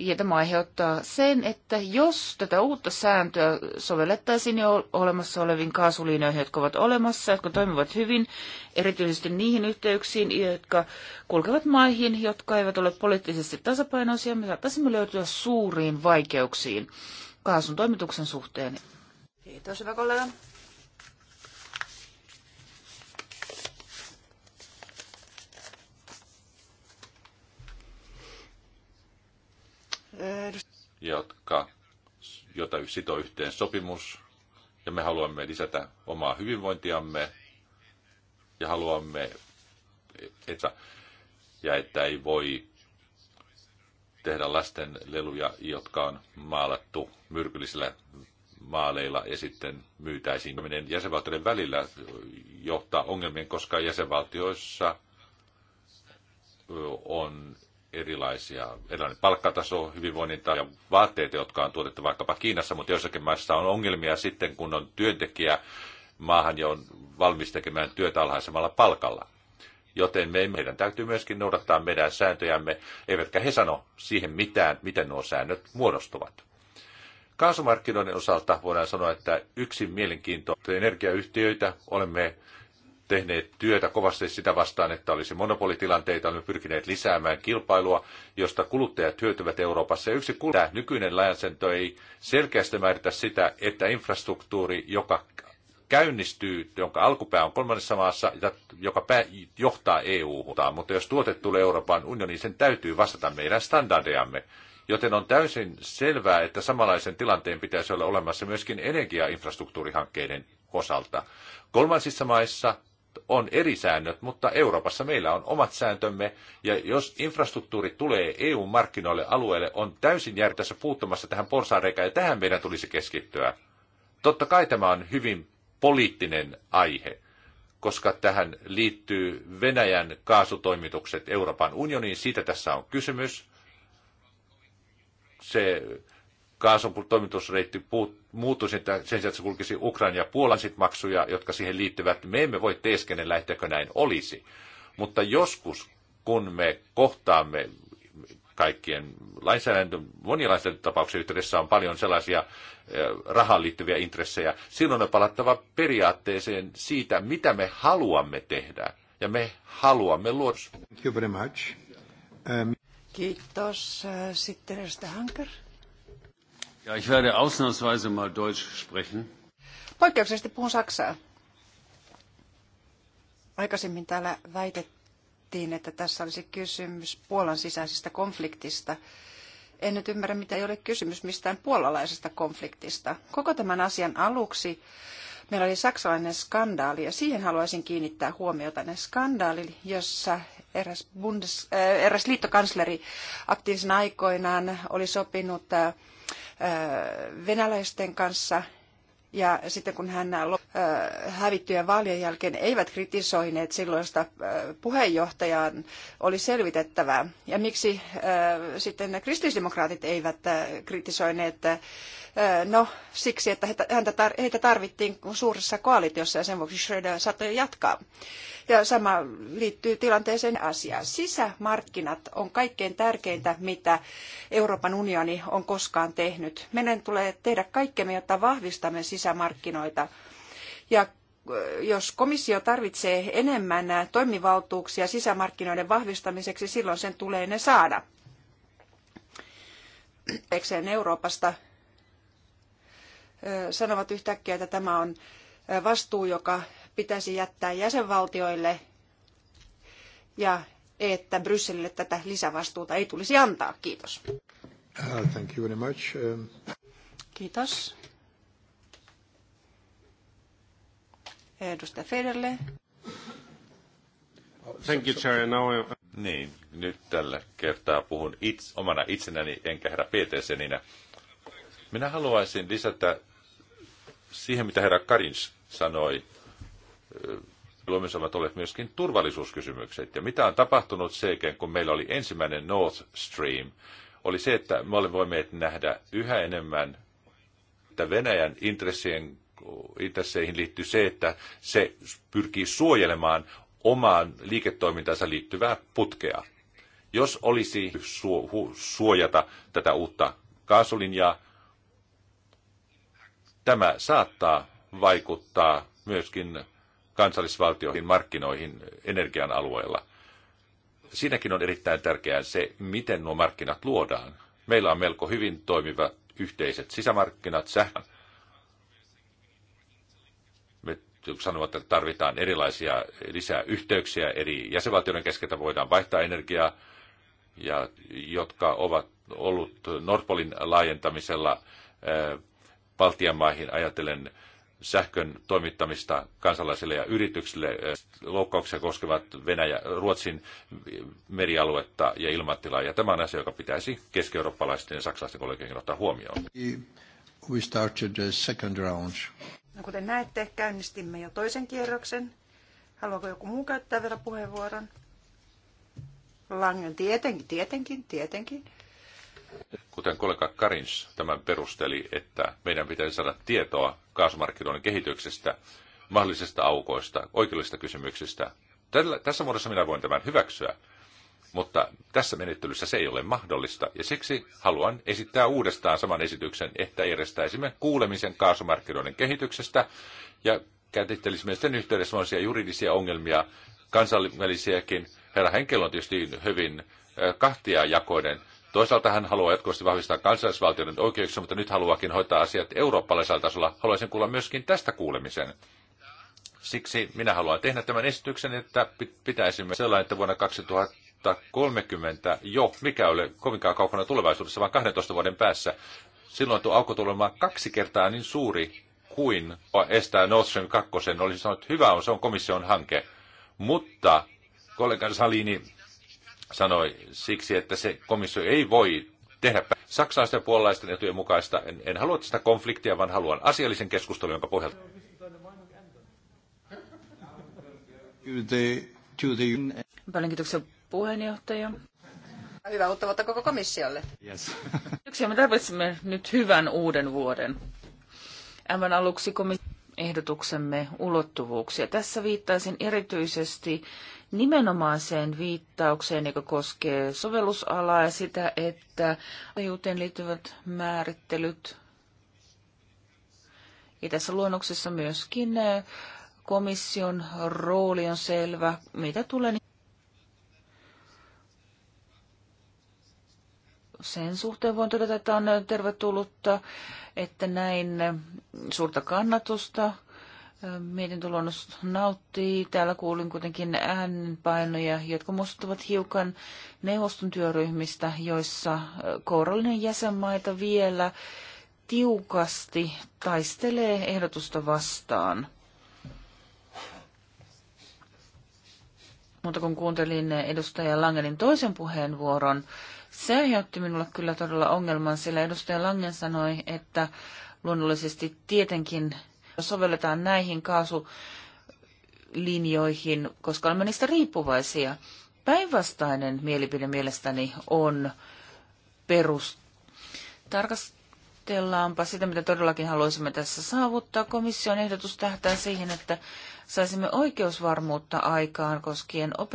[SPEAKER 3] Ja tämä aiheuttaa sen, että jos tätä uutta sääntöä sovellettaisiin jo niin olemassa oleviin kaasuliinoihin, jotka ovat olemassa, jotka toimivat hyvin, erityisesti niihin yhteyksiin, jotka kulkevat maihin, jotka eivät ole poliittisesti tasapainoisia, me saattaisimme löytyä suuriin vaikeuksiin kaasun toimituksen suhteen.
[SPEAKER 2] Kiitos, hyvä kollega.
[SPEAKER 1] jotka, jota sitoo yhteen sopimus, ja me haluamme lisätä omaa hyvinvointiamme, ja haluamme, että, ja että ei voi tehdä lasten leluja, jotka on maalattu myrkyllisillä maaleilla ja sitten myytäisiin. Menen jäsenvaltioiden välillä johtaa ongelmien, koska jäsenvaltioissa on erilaisia, erilainen palkkataso, hyvinvoinnin ja vaatteet, jotka on tuotettu vaikkapa Kiinassa, mutta joissakin maissa on ongelmia sitten, kun on työntekijä maahan ja on valmis tekemään työtä alhaisemmalla palkalla. Joten me, meidän täytyy myöskin noudattaa meidän sääntöjämme, eivätkä he sano siihen mitään, miten nuo säännöt muodostuvat. Kaasumarkkinoiden osalta voidaan sanoa, että yksi mielenkiintoinen energiayhtiöitä olemme tehneet työtä kovasti sitä vastaan, että olisi monopolitilanteita, olemme pyrkineet lisäämään kilpailua, josta kuluttajat hyötyvät Euroopassa. Ja yksi kuluttaja, nykyinen lainsäädäntö ei selkeästi määritä sitä, että infrastruktuuri, joka käynnistyy, jonka alkupää on kolmannessa maassa, joka pää, johtaa eu Mutta jos tuote tulee Euroopan unioniin, sen täytyy vastata meidän standardejamme. Joten on täysin selvää, että samanlaisen tilanteen pitäisi olla olemassa myöskin energiainfrastruktuurihankkeiden osalta. Kolmansissa maissa on eri säännöt, mutta Euroopassa meillä on omat sääntömme, ja jos infrastruktuuri tulee EU-markkinoille alueelle, on täysin järjestössä puuttumassa tähän porsaanreikään, ja tähän meidän tulisi keskittyä. Totta kai tämä on hyvin poliittinen aihe, koska tähän liittyy Venäjän kaasutoimitukset Euroopan unioniin, siitä tässä on kysymys. Se kaasun toimitusreitti muuttuisi, että sen sijaan, että se kulkisi Ukrainan ja Puolan sit maksuja, jotka siihen liittyvät. Me emme voi teeskennellä, etteikö näin olisi. Mutta joskus, kun me kohtaamme kaikkien lainsäädäntö, monien lainsäädäntötapauksien yhteydessä on paljon sellaisia eh, rahaan liittyviä intressejä. Silloin on palattava periaatteeseen siitä, mitä me haluamme tehdä. Ja me haluamme luoda. Um,
[SPEAKER 2] Kiitos. Äh, sitten Hanker.
[SPEAKER 1] Ja, ich werde ausnahmsweise mal Deutsch sprechen.
[SPEAKER 2] Poikkeuksellisesti puhun saksaa. Aikaisemmin täällä väitettiin, että tässä olisi kysymys Puolan sisäisestä konfliktista. En nyt ymmärrä, mitä ei ole kysymys mistään puolalaisesta konfliktista. Koko tämän asian aluksi meillä oli saksalainen skandaali ja siihen haluaisin kiinnittää huomiota. Ne skandaali, jossa eräs, bundes, äh, eräs liittokansleri aktiivisena aikoinaan oli sopinut äh, venäläisten kanssa. Ja sitten kun hän hävittyjen vaalien jälkeen eivät kritisoineet silloista puheenjohtajaa, oli selvitettävää. Ja miksi sitten kristillisdemokraatit eivät kritisoineet No, siksi, että heitä tarvittiin suuressa koalitiossa ja sen vuoksi Schröder saattoi jatkaa. Ja sama liittyy tilanteeseen asiaan. Sisämarkkinat on kaikkein tärkeintä, mitä Euroopan unioni on koskaan tehnyt. Meidän tulee tehdä kaikkemme, jotta vahvistamme sisämarkkinoita. Ja jos komissio tarvitsee enemmän toimivaltuuksia sisämarkkinoiden vahvistamiseksi, silloin sen tulee ne saada. Euroopasta sanovat yhtäkkiä, että tämä on vastuu, joka pitäisi jättää jäsenvaltioille ja että Brysselille tätä lisävastuuta ei tulisi antaa. Kiitos.
[SPEAKER 3] Uh, thank you very much. Um,
[SPEAKER 2] Kiitos. Edustaja Federle.
[SPEAKER 1] Thank you, Chair. Now Niin, nyt tällä kertaa puhun itse, omana itsenäni enkä herra Pietesenina. Minä haluaisin lisätä siihen, mitä herra Karins sanoi, luomissa ovat olleet myöskin turvallisuuskysymykset. Ja mitä on tapahtunut sekin, kun meillä oli ensimmäinen North Stream, oli se, että me olemme voineet nähdä yhä enemmän, että Venäjän intressien, intresseihin liittyy se, että se pyrkii suojelemaan omaan liiketoimintaansa liittyvää putkea. Jos olisi suojata tätä uutta kaasulinjaa, Tämä saattaa vaikuttaa myöskin kansallisvaltioihin, markkinoihin energian alueella. Siinäkin on erittäin tärkeää se, miten nuo markkinat luodaan. Meillä on melko hyvin toimiva yhteiset sisämarkkinat sähkön. Me sanovat, että tarvitaan erilaisia lisää yhteyksiä eri jäsenvaltioiden keskeltä, voidaan vaihtaa energiaa, ja jotka ovat ollut Nordpolin laajentamisella Baltian maihin ajatellen sähkön toimittamista kansalaisille ja yrityksille. Loukkauksia koskevat Venäjä, Ruotsin merialuetta ja ilmatilaa. Ja tämä on asia, joka pitäisi keski-eurooppalaisten ja saksalaisten kollegien ottaa huomioon. We started the second round.
[SPEAKER 2] No, kuten näette, käynnistimme jo toisen kierroksen. Haluaako joku muu käyttää vielä puheenvuoron? Langen, tietenkin, tietenkin, tietenkin
[SPEAKER 1] kuten kollega Karins tämän perusteli, että meidän pitäisi saada tietoa kaasumarkkinoiden kehityksestä, mahdollisista aukoista, oikeudellisista kysymyksistä. Tällä, tässä muodossa minä voin tämän hyväksyä, mutta tässä menettelyssä se ei ole mahdollista, ja siksi haluan esittää uudestaan saman esityksen, että järjestäisimme kuulemisen kaasumarkkinoiden kehityksestä, ja käsittelisimme sen yhteydessä juridisia ongelmia, kansainvälisiäkin. Herra Henkel on tietysti hyvin kahtia jakoinen Toisaalta hän haluaa jatkuvasti vahvistaa kansallisvaltioiden oikeuksia, mutta nyt haluakin hoitaa asiat eurooppalaisella tasolla. Haluaisin kuulla myöskin tästä kuulemisen. Siksi minä haluan tehdä tämän esityksen, että pitäisimme sellainen, että vuonna 2030 jo, mikä ole kovinkaan kaukana tulevaisuudessa, vaan 12 vuoden päässä, silloin tuo aukko tulee olemaan kaksi kertaa niin suuri kuin estää Nord Stream 2. Olisin sanonut, että hyvä on, se on komission hanke. Mutta kollega Salini sanoi siksi, että se komissio ei voi tehdä saksalaisten ja puolalaisten etujen mukaista. En, en halua sitä konfliktia, vaan haluan asiallisen keskustelun, jonka pohjalta...
[SPEAKER 3] Paljon kiitoksia puheenjohtaja. Hyvää uutta
[SPEAKER 2] vuotta koko komissiolle.
[SPEAKER 3] Yes. me tarvitsemme nyt hyvän uuden vuoden. Aivan aluksi komission ehdotuksemme ulottuvuuksia. Tässä viittaisin erityisesti nimenomaiseen viittaukseen, joka koskee sovellusalaa ja sitä, että ajuuteen liittyvät määrittelyt. Ja tässä luonnoksessa myöskin eh, komission rooli on selvä, mitä tulee sen suhteen voin todeta, että on tervetullutta, että näin eh, suurta kannatusta mietintöluonnos nauttii. Täällä kuulin kuitenkin äänenpainoja, jotka muistuttavat hiukan neuvoston työryhmistä, joissa kourallinen jäsenmaita vielä tiukasti taistelee ehdotusta vastaan. Mutta kun kuuntelin edustaja Langenin toisen puheenvuoron, se aiheutti minulle kyllä todella ongelman, sillä edustaja Langen sanoi, että luonnollisesti tietenkin sovelletaan näihin kaasulinjoihin, koska olemme niistä riippuvaisia. Päinvastainen mielipide mielestäni on perus. Tarkastellaanpa sitä, mitä todellakin haluaisimme tässä saavuttaa. Komission ehdotus tähtää siihen, että saisimme oikeusvarmuutta aikaan koskien op-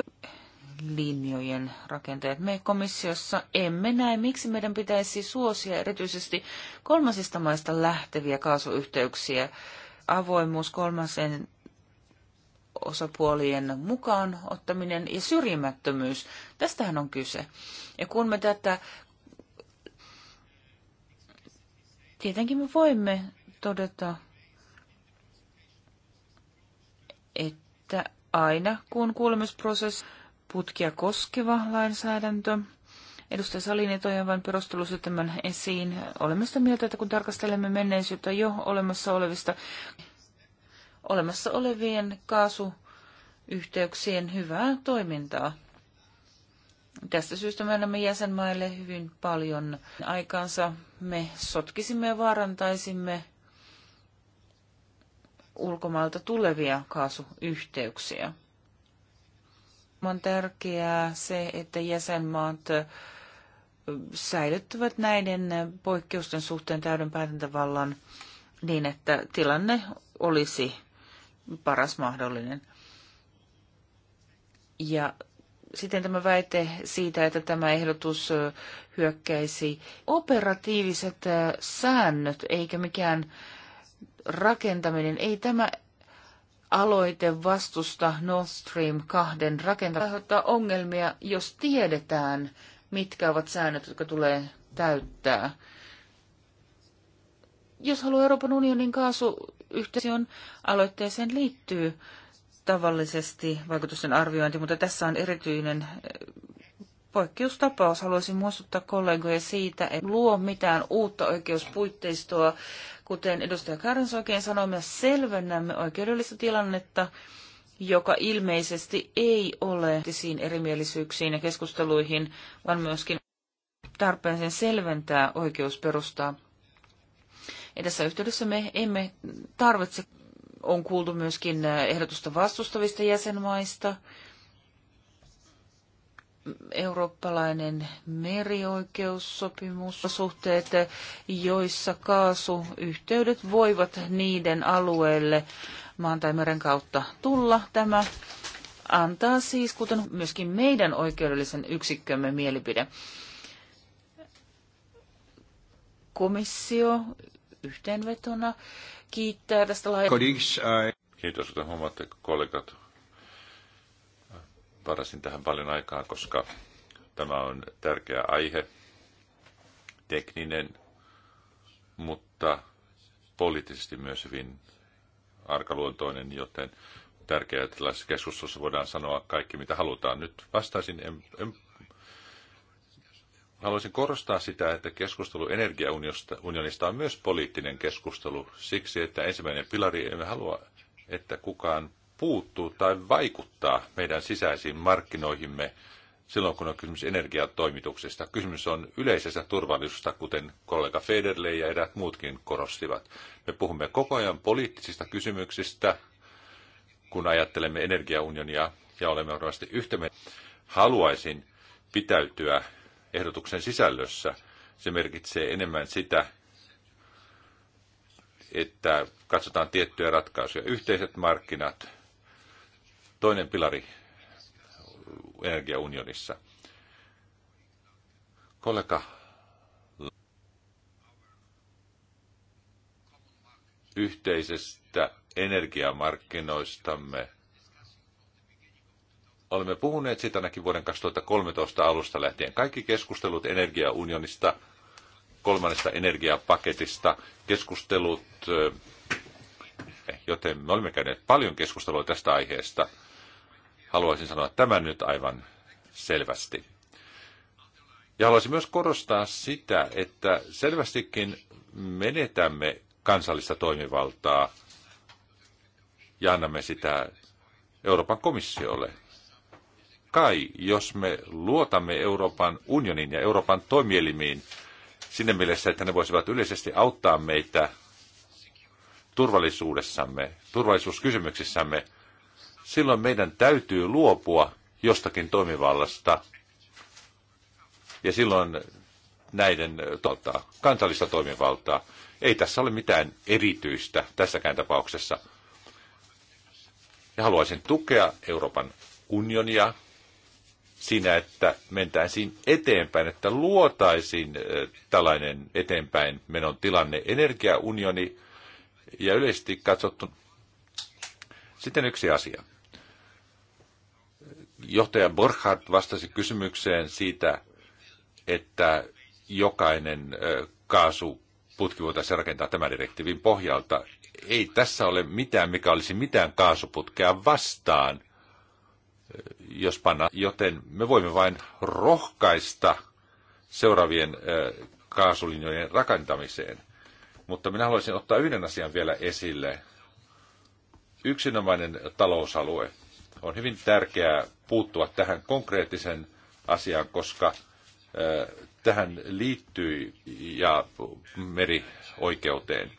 [SPEAKER 3] linjojen rakenteet. Me komissiossa emme näe, miksi meidän pitäisi suosia erityisesti kolmasista maista lähteviä kaasuyhteyksiä avoimuus, kolmasen osapuolien mukaan ottaminen ja syrjimättömyys. Tästähän on kyse. Ja kun me tätä, tietenkin me voimme todeta, että aina kun kuulemisprosessi putkia koskeva lainsäädäntö – Edustaja Salini toi vain perustelussa tämän esiin. Olemme sitä mieltä, että kun tarkastelemme menneisyyttä jo olemassa olevista, olemassa olevien kaasuyhteyksien hyvää toimintaa. Tästä syystä me annamme jäsenmaille hyvin paljon aikaansa. Me sotkisimme ja vaarantaisimme ulkomailta tulevia kaasuyhteyksiä on tärkeää se, että jäsenmaat säilyttävät näiden poikkeusten suhteen täyden päätäntävallan niin, että tilanne olisi paras mahdollinen. Ja sitten tämä väite siitä, että tämä ehdotus hyökkäisi operatiiviset säännöt eikä mikään rakentaminen. Ei tämä aloite vastusta Nord Stream 2 rakentamista ongelmia, jos tiedetään, mitkä ovat säännöt, jotka tulee täyttää. Jos haluaa Euroopan unionin kaasuyhteisön aloitteeseen liittyy tavallisesti vaikutusten arviointi, mutta tässä on erityinen eh, poikkeustapaus. Haluaisin muistuttaa kollegoja siitä, että luo mitään uutta oikeuspuitteistoa. Kuten edustaja Karens oikein sanoi, me selvennämme oikeudellista tilannetta joka ilmeisesti ei ole tisiin erimielisyyksiin ja keskusteluihin, vaan myöskin tarpeen sen selventää oikeusperustaa. Ja tässä yhteydessä me emme tarvitse, on kuultu myöskin ehdotusta vastustavista jäsenmaista, eurooppalainen merioikeussopimus, suhteet, joissa kaasuyhteydet voivat niiden alueelle maan tai meren kautta tulla. Tämä antaa siis, kuten myöskin meidän oikeudellisen yksikkömme mielipide. Komissio yhteenvetona kiittää tästä laajasta.
[SPEAKER 1] Kiitos, että huomaatte kollegat. Varasin tähän paljon aikaa, koska tämä on tärkeä aihe, tekninen, mutta poliittisesti myös hyvin arkaluontoinen, joten tärkeää, että tällaisessa keskustelussa voidaan sanoa kaikki, mitä halutaan. Nyt vastaisin, en, en, haluaisin korostaa sitä, että keskustelu energiaunionista on myös poliittinen keskustelu siksi, että ensimmäinen pilari emme halua, että kukaan puuttuu tai vaikuttaa meidän sisäisiin markkinoihimme silloin, kun on kysymys energiatoimituksesta. Kysymys on yleisestä turvallisuudesta, kuten kollega Federle ja eräät muutkin korostivat. Me puhumme koko ajan poliittisista kysymyksistä, kun ajattelemme energiaunionia ja olemme varmasti yhtä mieltä. Haluaisin pitäytyä ehdotuksen sisällössä. Se merkitsee enemmän sitä, että katsotaan tiettyjä ratkaisuja. Yhteiset markkinat, toinen pilari energiaunionissa. Kollega yhteisestä energiamarkkinoistamme. Olemme puhuneet siitä ainakin vuoden 2013 alusta lähtien. Kaikki keskustelut energiaunionista, kolmannesta energiapaketista, keskustelut, eh, joten me olemme käyneet paljon keskustelua tästä aiheesta – Haluaisin sanoa tämän nyt aivan selvästi. Ja haluaisin myös korostaa sitä, että selvästikin menetämme kansallista toimivaltaa ja annamme sitä Euroopan komissiolle. Kai, jos me luotamme Euroopan unionin ja Euroopan toimielimiin sinne mielessä, että ne voisivat yleisesti auttaa meitä turvallisuudessamme, turvallisuuskysymyksissämme, silloin meidän täytyy luopua jostakin toimivallasta ja silloin näiden tuota, kansallista toimivaltaa. Ei tässä ole mitään erityistä tässäkään tapauksessa. Ja haluaisin tukea Euroopan unionia siinä, että mentäisiin eteenpäin, että luotaisiin tällainen eteenpäin menon tilanne, energiaunioni ja yleisesti katsottu. Sitten yksi asia johtaja Borchardt vastasi kysymykseen siitä, että jokainen kaasuputki voitaisiin rakentaa tämän direktiivin pohjalta. Ei tässä ole mitään, mikä olisi mitään kaasuputkea vastaan, jos panna. Joten me voimme vain rohkaista seuraavien kaasulinjojen rakentamiseen. Mutta minä haluaisin ottaa yhden asian vielä esille. Yksinomainen talousalue. On hyvin tärkeää puuttua tähän konkreettisen asiaan, koska tähän liittyy ja merioikeuteen.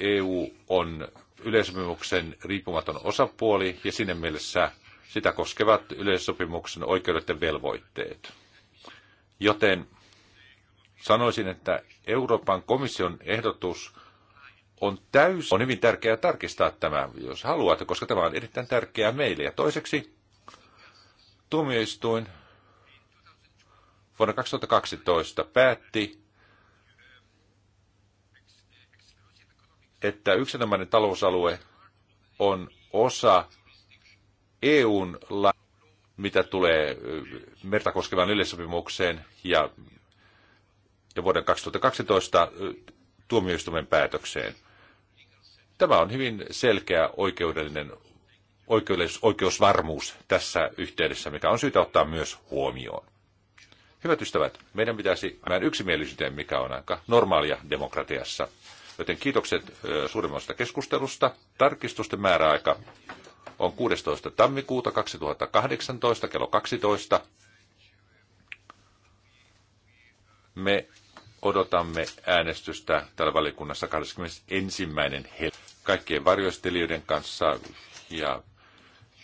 [SPEAKER 1] EU on yleissopimuksen riippumaton osapuoli ja siinä mielessä sitä koskevat yleissopimuksen oikeudet ja velvoitteet. Joten sanoisin, että Euroopan komission ehdotus on täysin, on hyvin tärkeää tarkistaa tämä, jos haluat, koska tämä on erittäin tärkeää meille. Ja toiseksi tuomioistuin vuonna 2012 päätti, että yksinomainen talousalue on osa EUn la- mitä tulee merta koskevaan yleissopimukseen ja, ja vuoden 2012 tuomioistuimen päätökseen. Tämä on hyvin selkeä oikeudellinen oikeudellis, oikeusvarmuus tässä yhteydessä, mikä on syytä ottaa myös huomioon. Hyvät ystävät, meidän pitäisi mennä yksimielisyyteen, mikä on aika normaalia demokratiassa. Joten kiitokset suurimmasta keskustelusta. Tarkistusten määräaika on 16. tammikuuta 2018 kello 12. Me odotamme äänestystä täällä valikunnassa 21. helmikuuta kaikkien varjostelijoiden kanssa ja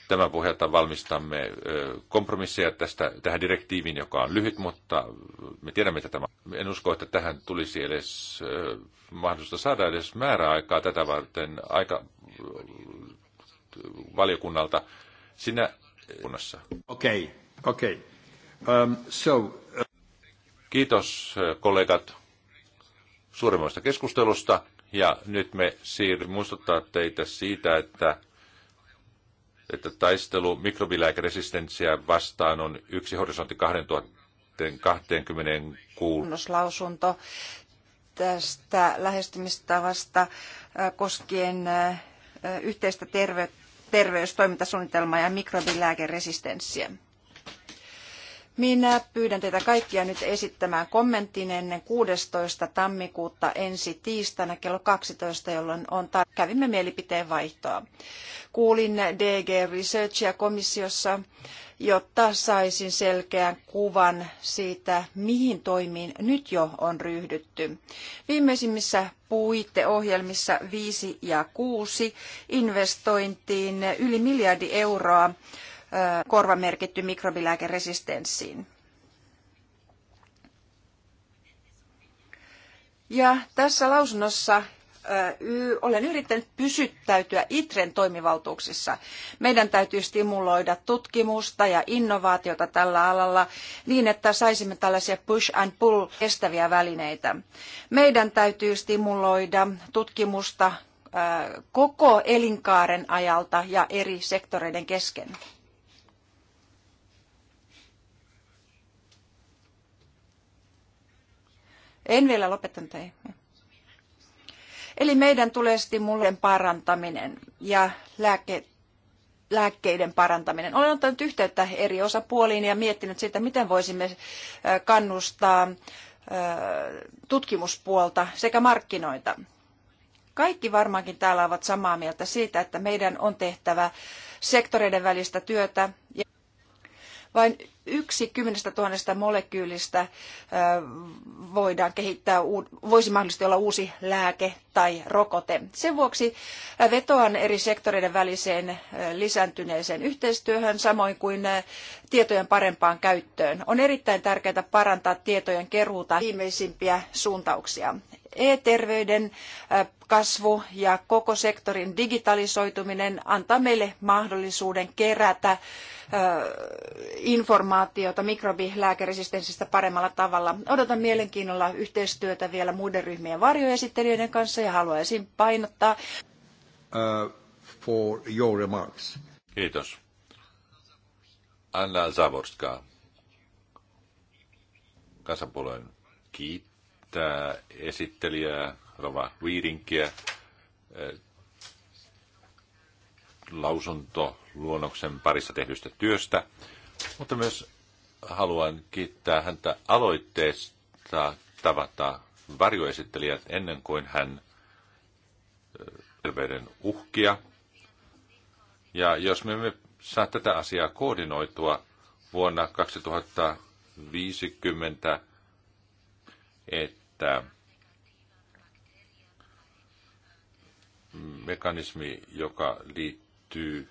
[SPEAKER 1] tämän pohjalta valmistamme kompromisseja tästä, tähän direktiiviin, joka on lyhyt, mutta me tiedämme, että tämä, en usko, että tähän tulisi edes mahdollista saada edes määräaikaa tätä varten aika valiokunnalta sinä kunnassa. Okei, okay, okei. Okay. Um, so, uh... Kiitos kollegat suuremmasta keskustelusta. Ja nyt me siirrymme muistuttaa teitä siitä, että, että taistelu mikrobilääkeresistenssiä vastaan on yksi horisontti 2020
[SPEAKER 2] kuunnoslausunto tästä lähestymistavasta äh, koskien äh, yhteistä terve- terveystoimintasuunnitelmaa ja mikrobilääkeresistenssiä. Minä pyydän teitä kaikkia nyt esittämään kommenttiin ennen 16. tammikuuta ensi tiistaina kello 12, jolloin on tar- kävimme mielipiteen vaihtoa. Kuulin DG Researchia komissiossa, jotta saisin selkeän kuvan siitä, mihin toimiin nyt jo on ryhdytty. Viimeisimmissä puiteohjelmissa 5 ja 6 investointiin yli miljardi euroa korvamerkitty mikrobilääkeresistenssiin. Ja tässä lausunnossa olen yrittänyt pysyttäytyä ITREn toimivaltuuksissa. Meidän täytyy stimuloida tutkimusta ja innovaatiota tällä alalla niin, että saisimme tällaisia push and pull kestäviä välineitä. Meidän täytyy stimuloida tutkimusta koko elinkaaren ajalta ja eri sektoreiden kesken. En vielä lopettanut, ei. Eli meidän tulee stimuloiden parantaminen ja lääke, lääkkeiden parantaminen. Olen ottanut yhteyttä eri osapuoliin ja miettinyt sitä, miten voisimme kannustaa tutkimuspuolta sekä markkinoita. Kaikki varmaankin täällä ovat samaa mieltä siitä, että meidän on tehtävä sektoreiden välistä työtä vain yksi kymmenestä tuhannesta molekyylistä voidaan kehittää, voisi mahdollisesti olla uusi lääke tai rokote. Sen vuoksi vetoan eri sektoreiden väliseen lisääntyneeseen yhteistyöhön, samoin kuin tietojen parempaan käyttöön. On erittäin tärkeää parantaa tietojen keruuta viimeisimpiä suuntauksia. E-terveyden kasvu ja koko sektorin digitalisoituminen antaa meille mahdollisuuden kerätä informaatiota mikrobilääkeresistenssistä paremmalla tavalla. Odotan mielenkiinnolla yhteistyötä vielä muiden ryhmien varjoesittelijöiden kanssa ja haluaisin painottaa.
[SPEAKER 1] Uh, for your remarks. Kiitos. Anna Zaborska. Kansanpuolueen kiitos kiittää esittelijää Rova lausunto luonnoksen parissa tehdystä työstä, mutta myös haluan kiittää häntä aloitteesta tavata varjoesittelijät ennen kuin hän terveyden uhkia. Ja jos me emme saa tätä asiaa koordinoitua vuonna 2050, että mekanismi, joka liittyy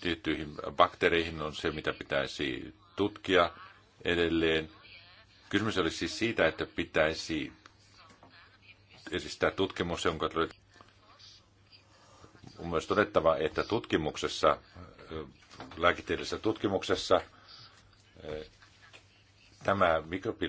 [SPEAKER 1] tiettyihin bakteereihin, on se, mitä pitäisi tutkia edelleen. Kysymys oli siis siitä, että pitäisi esistää tutkimus, jonka on myös todettava, että tutkimuksessa, lääketieteellisessä tutkimuksessa tämä mikrobi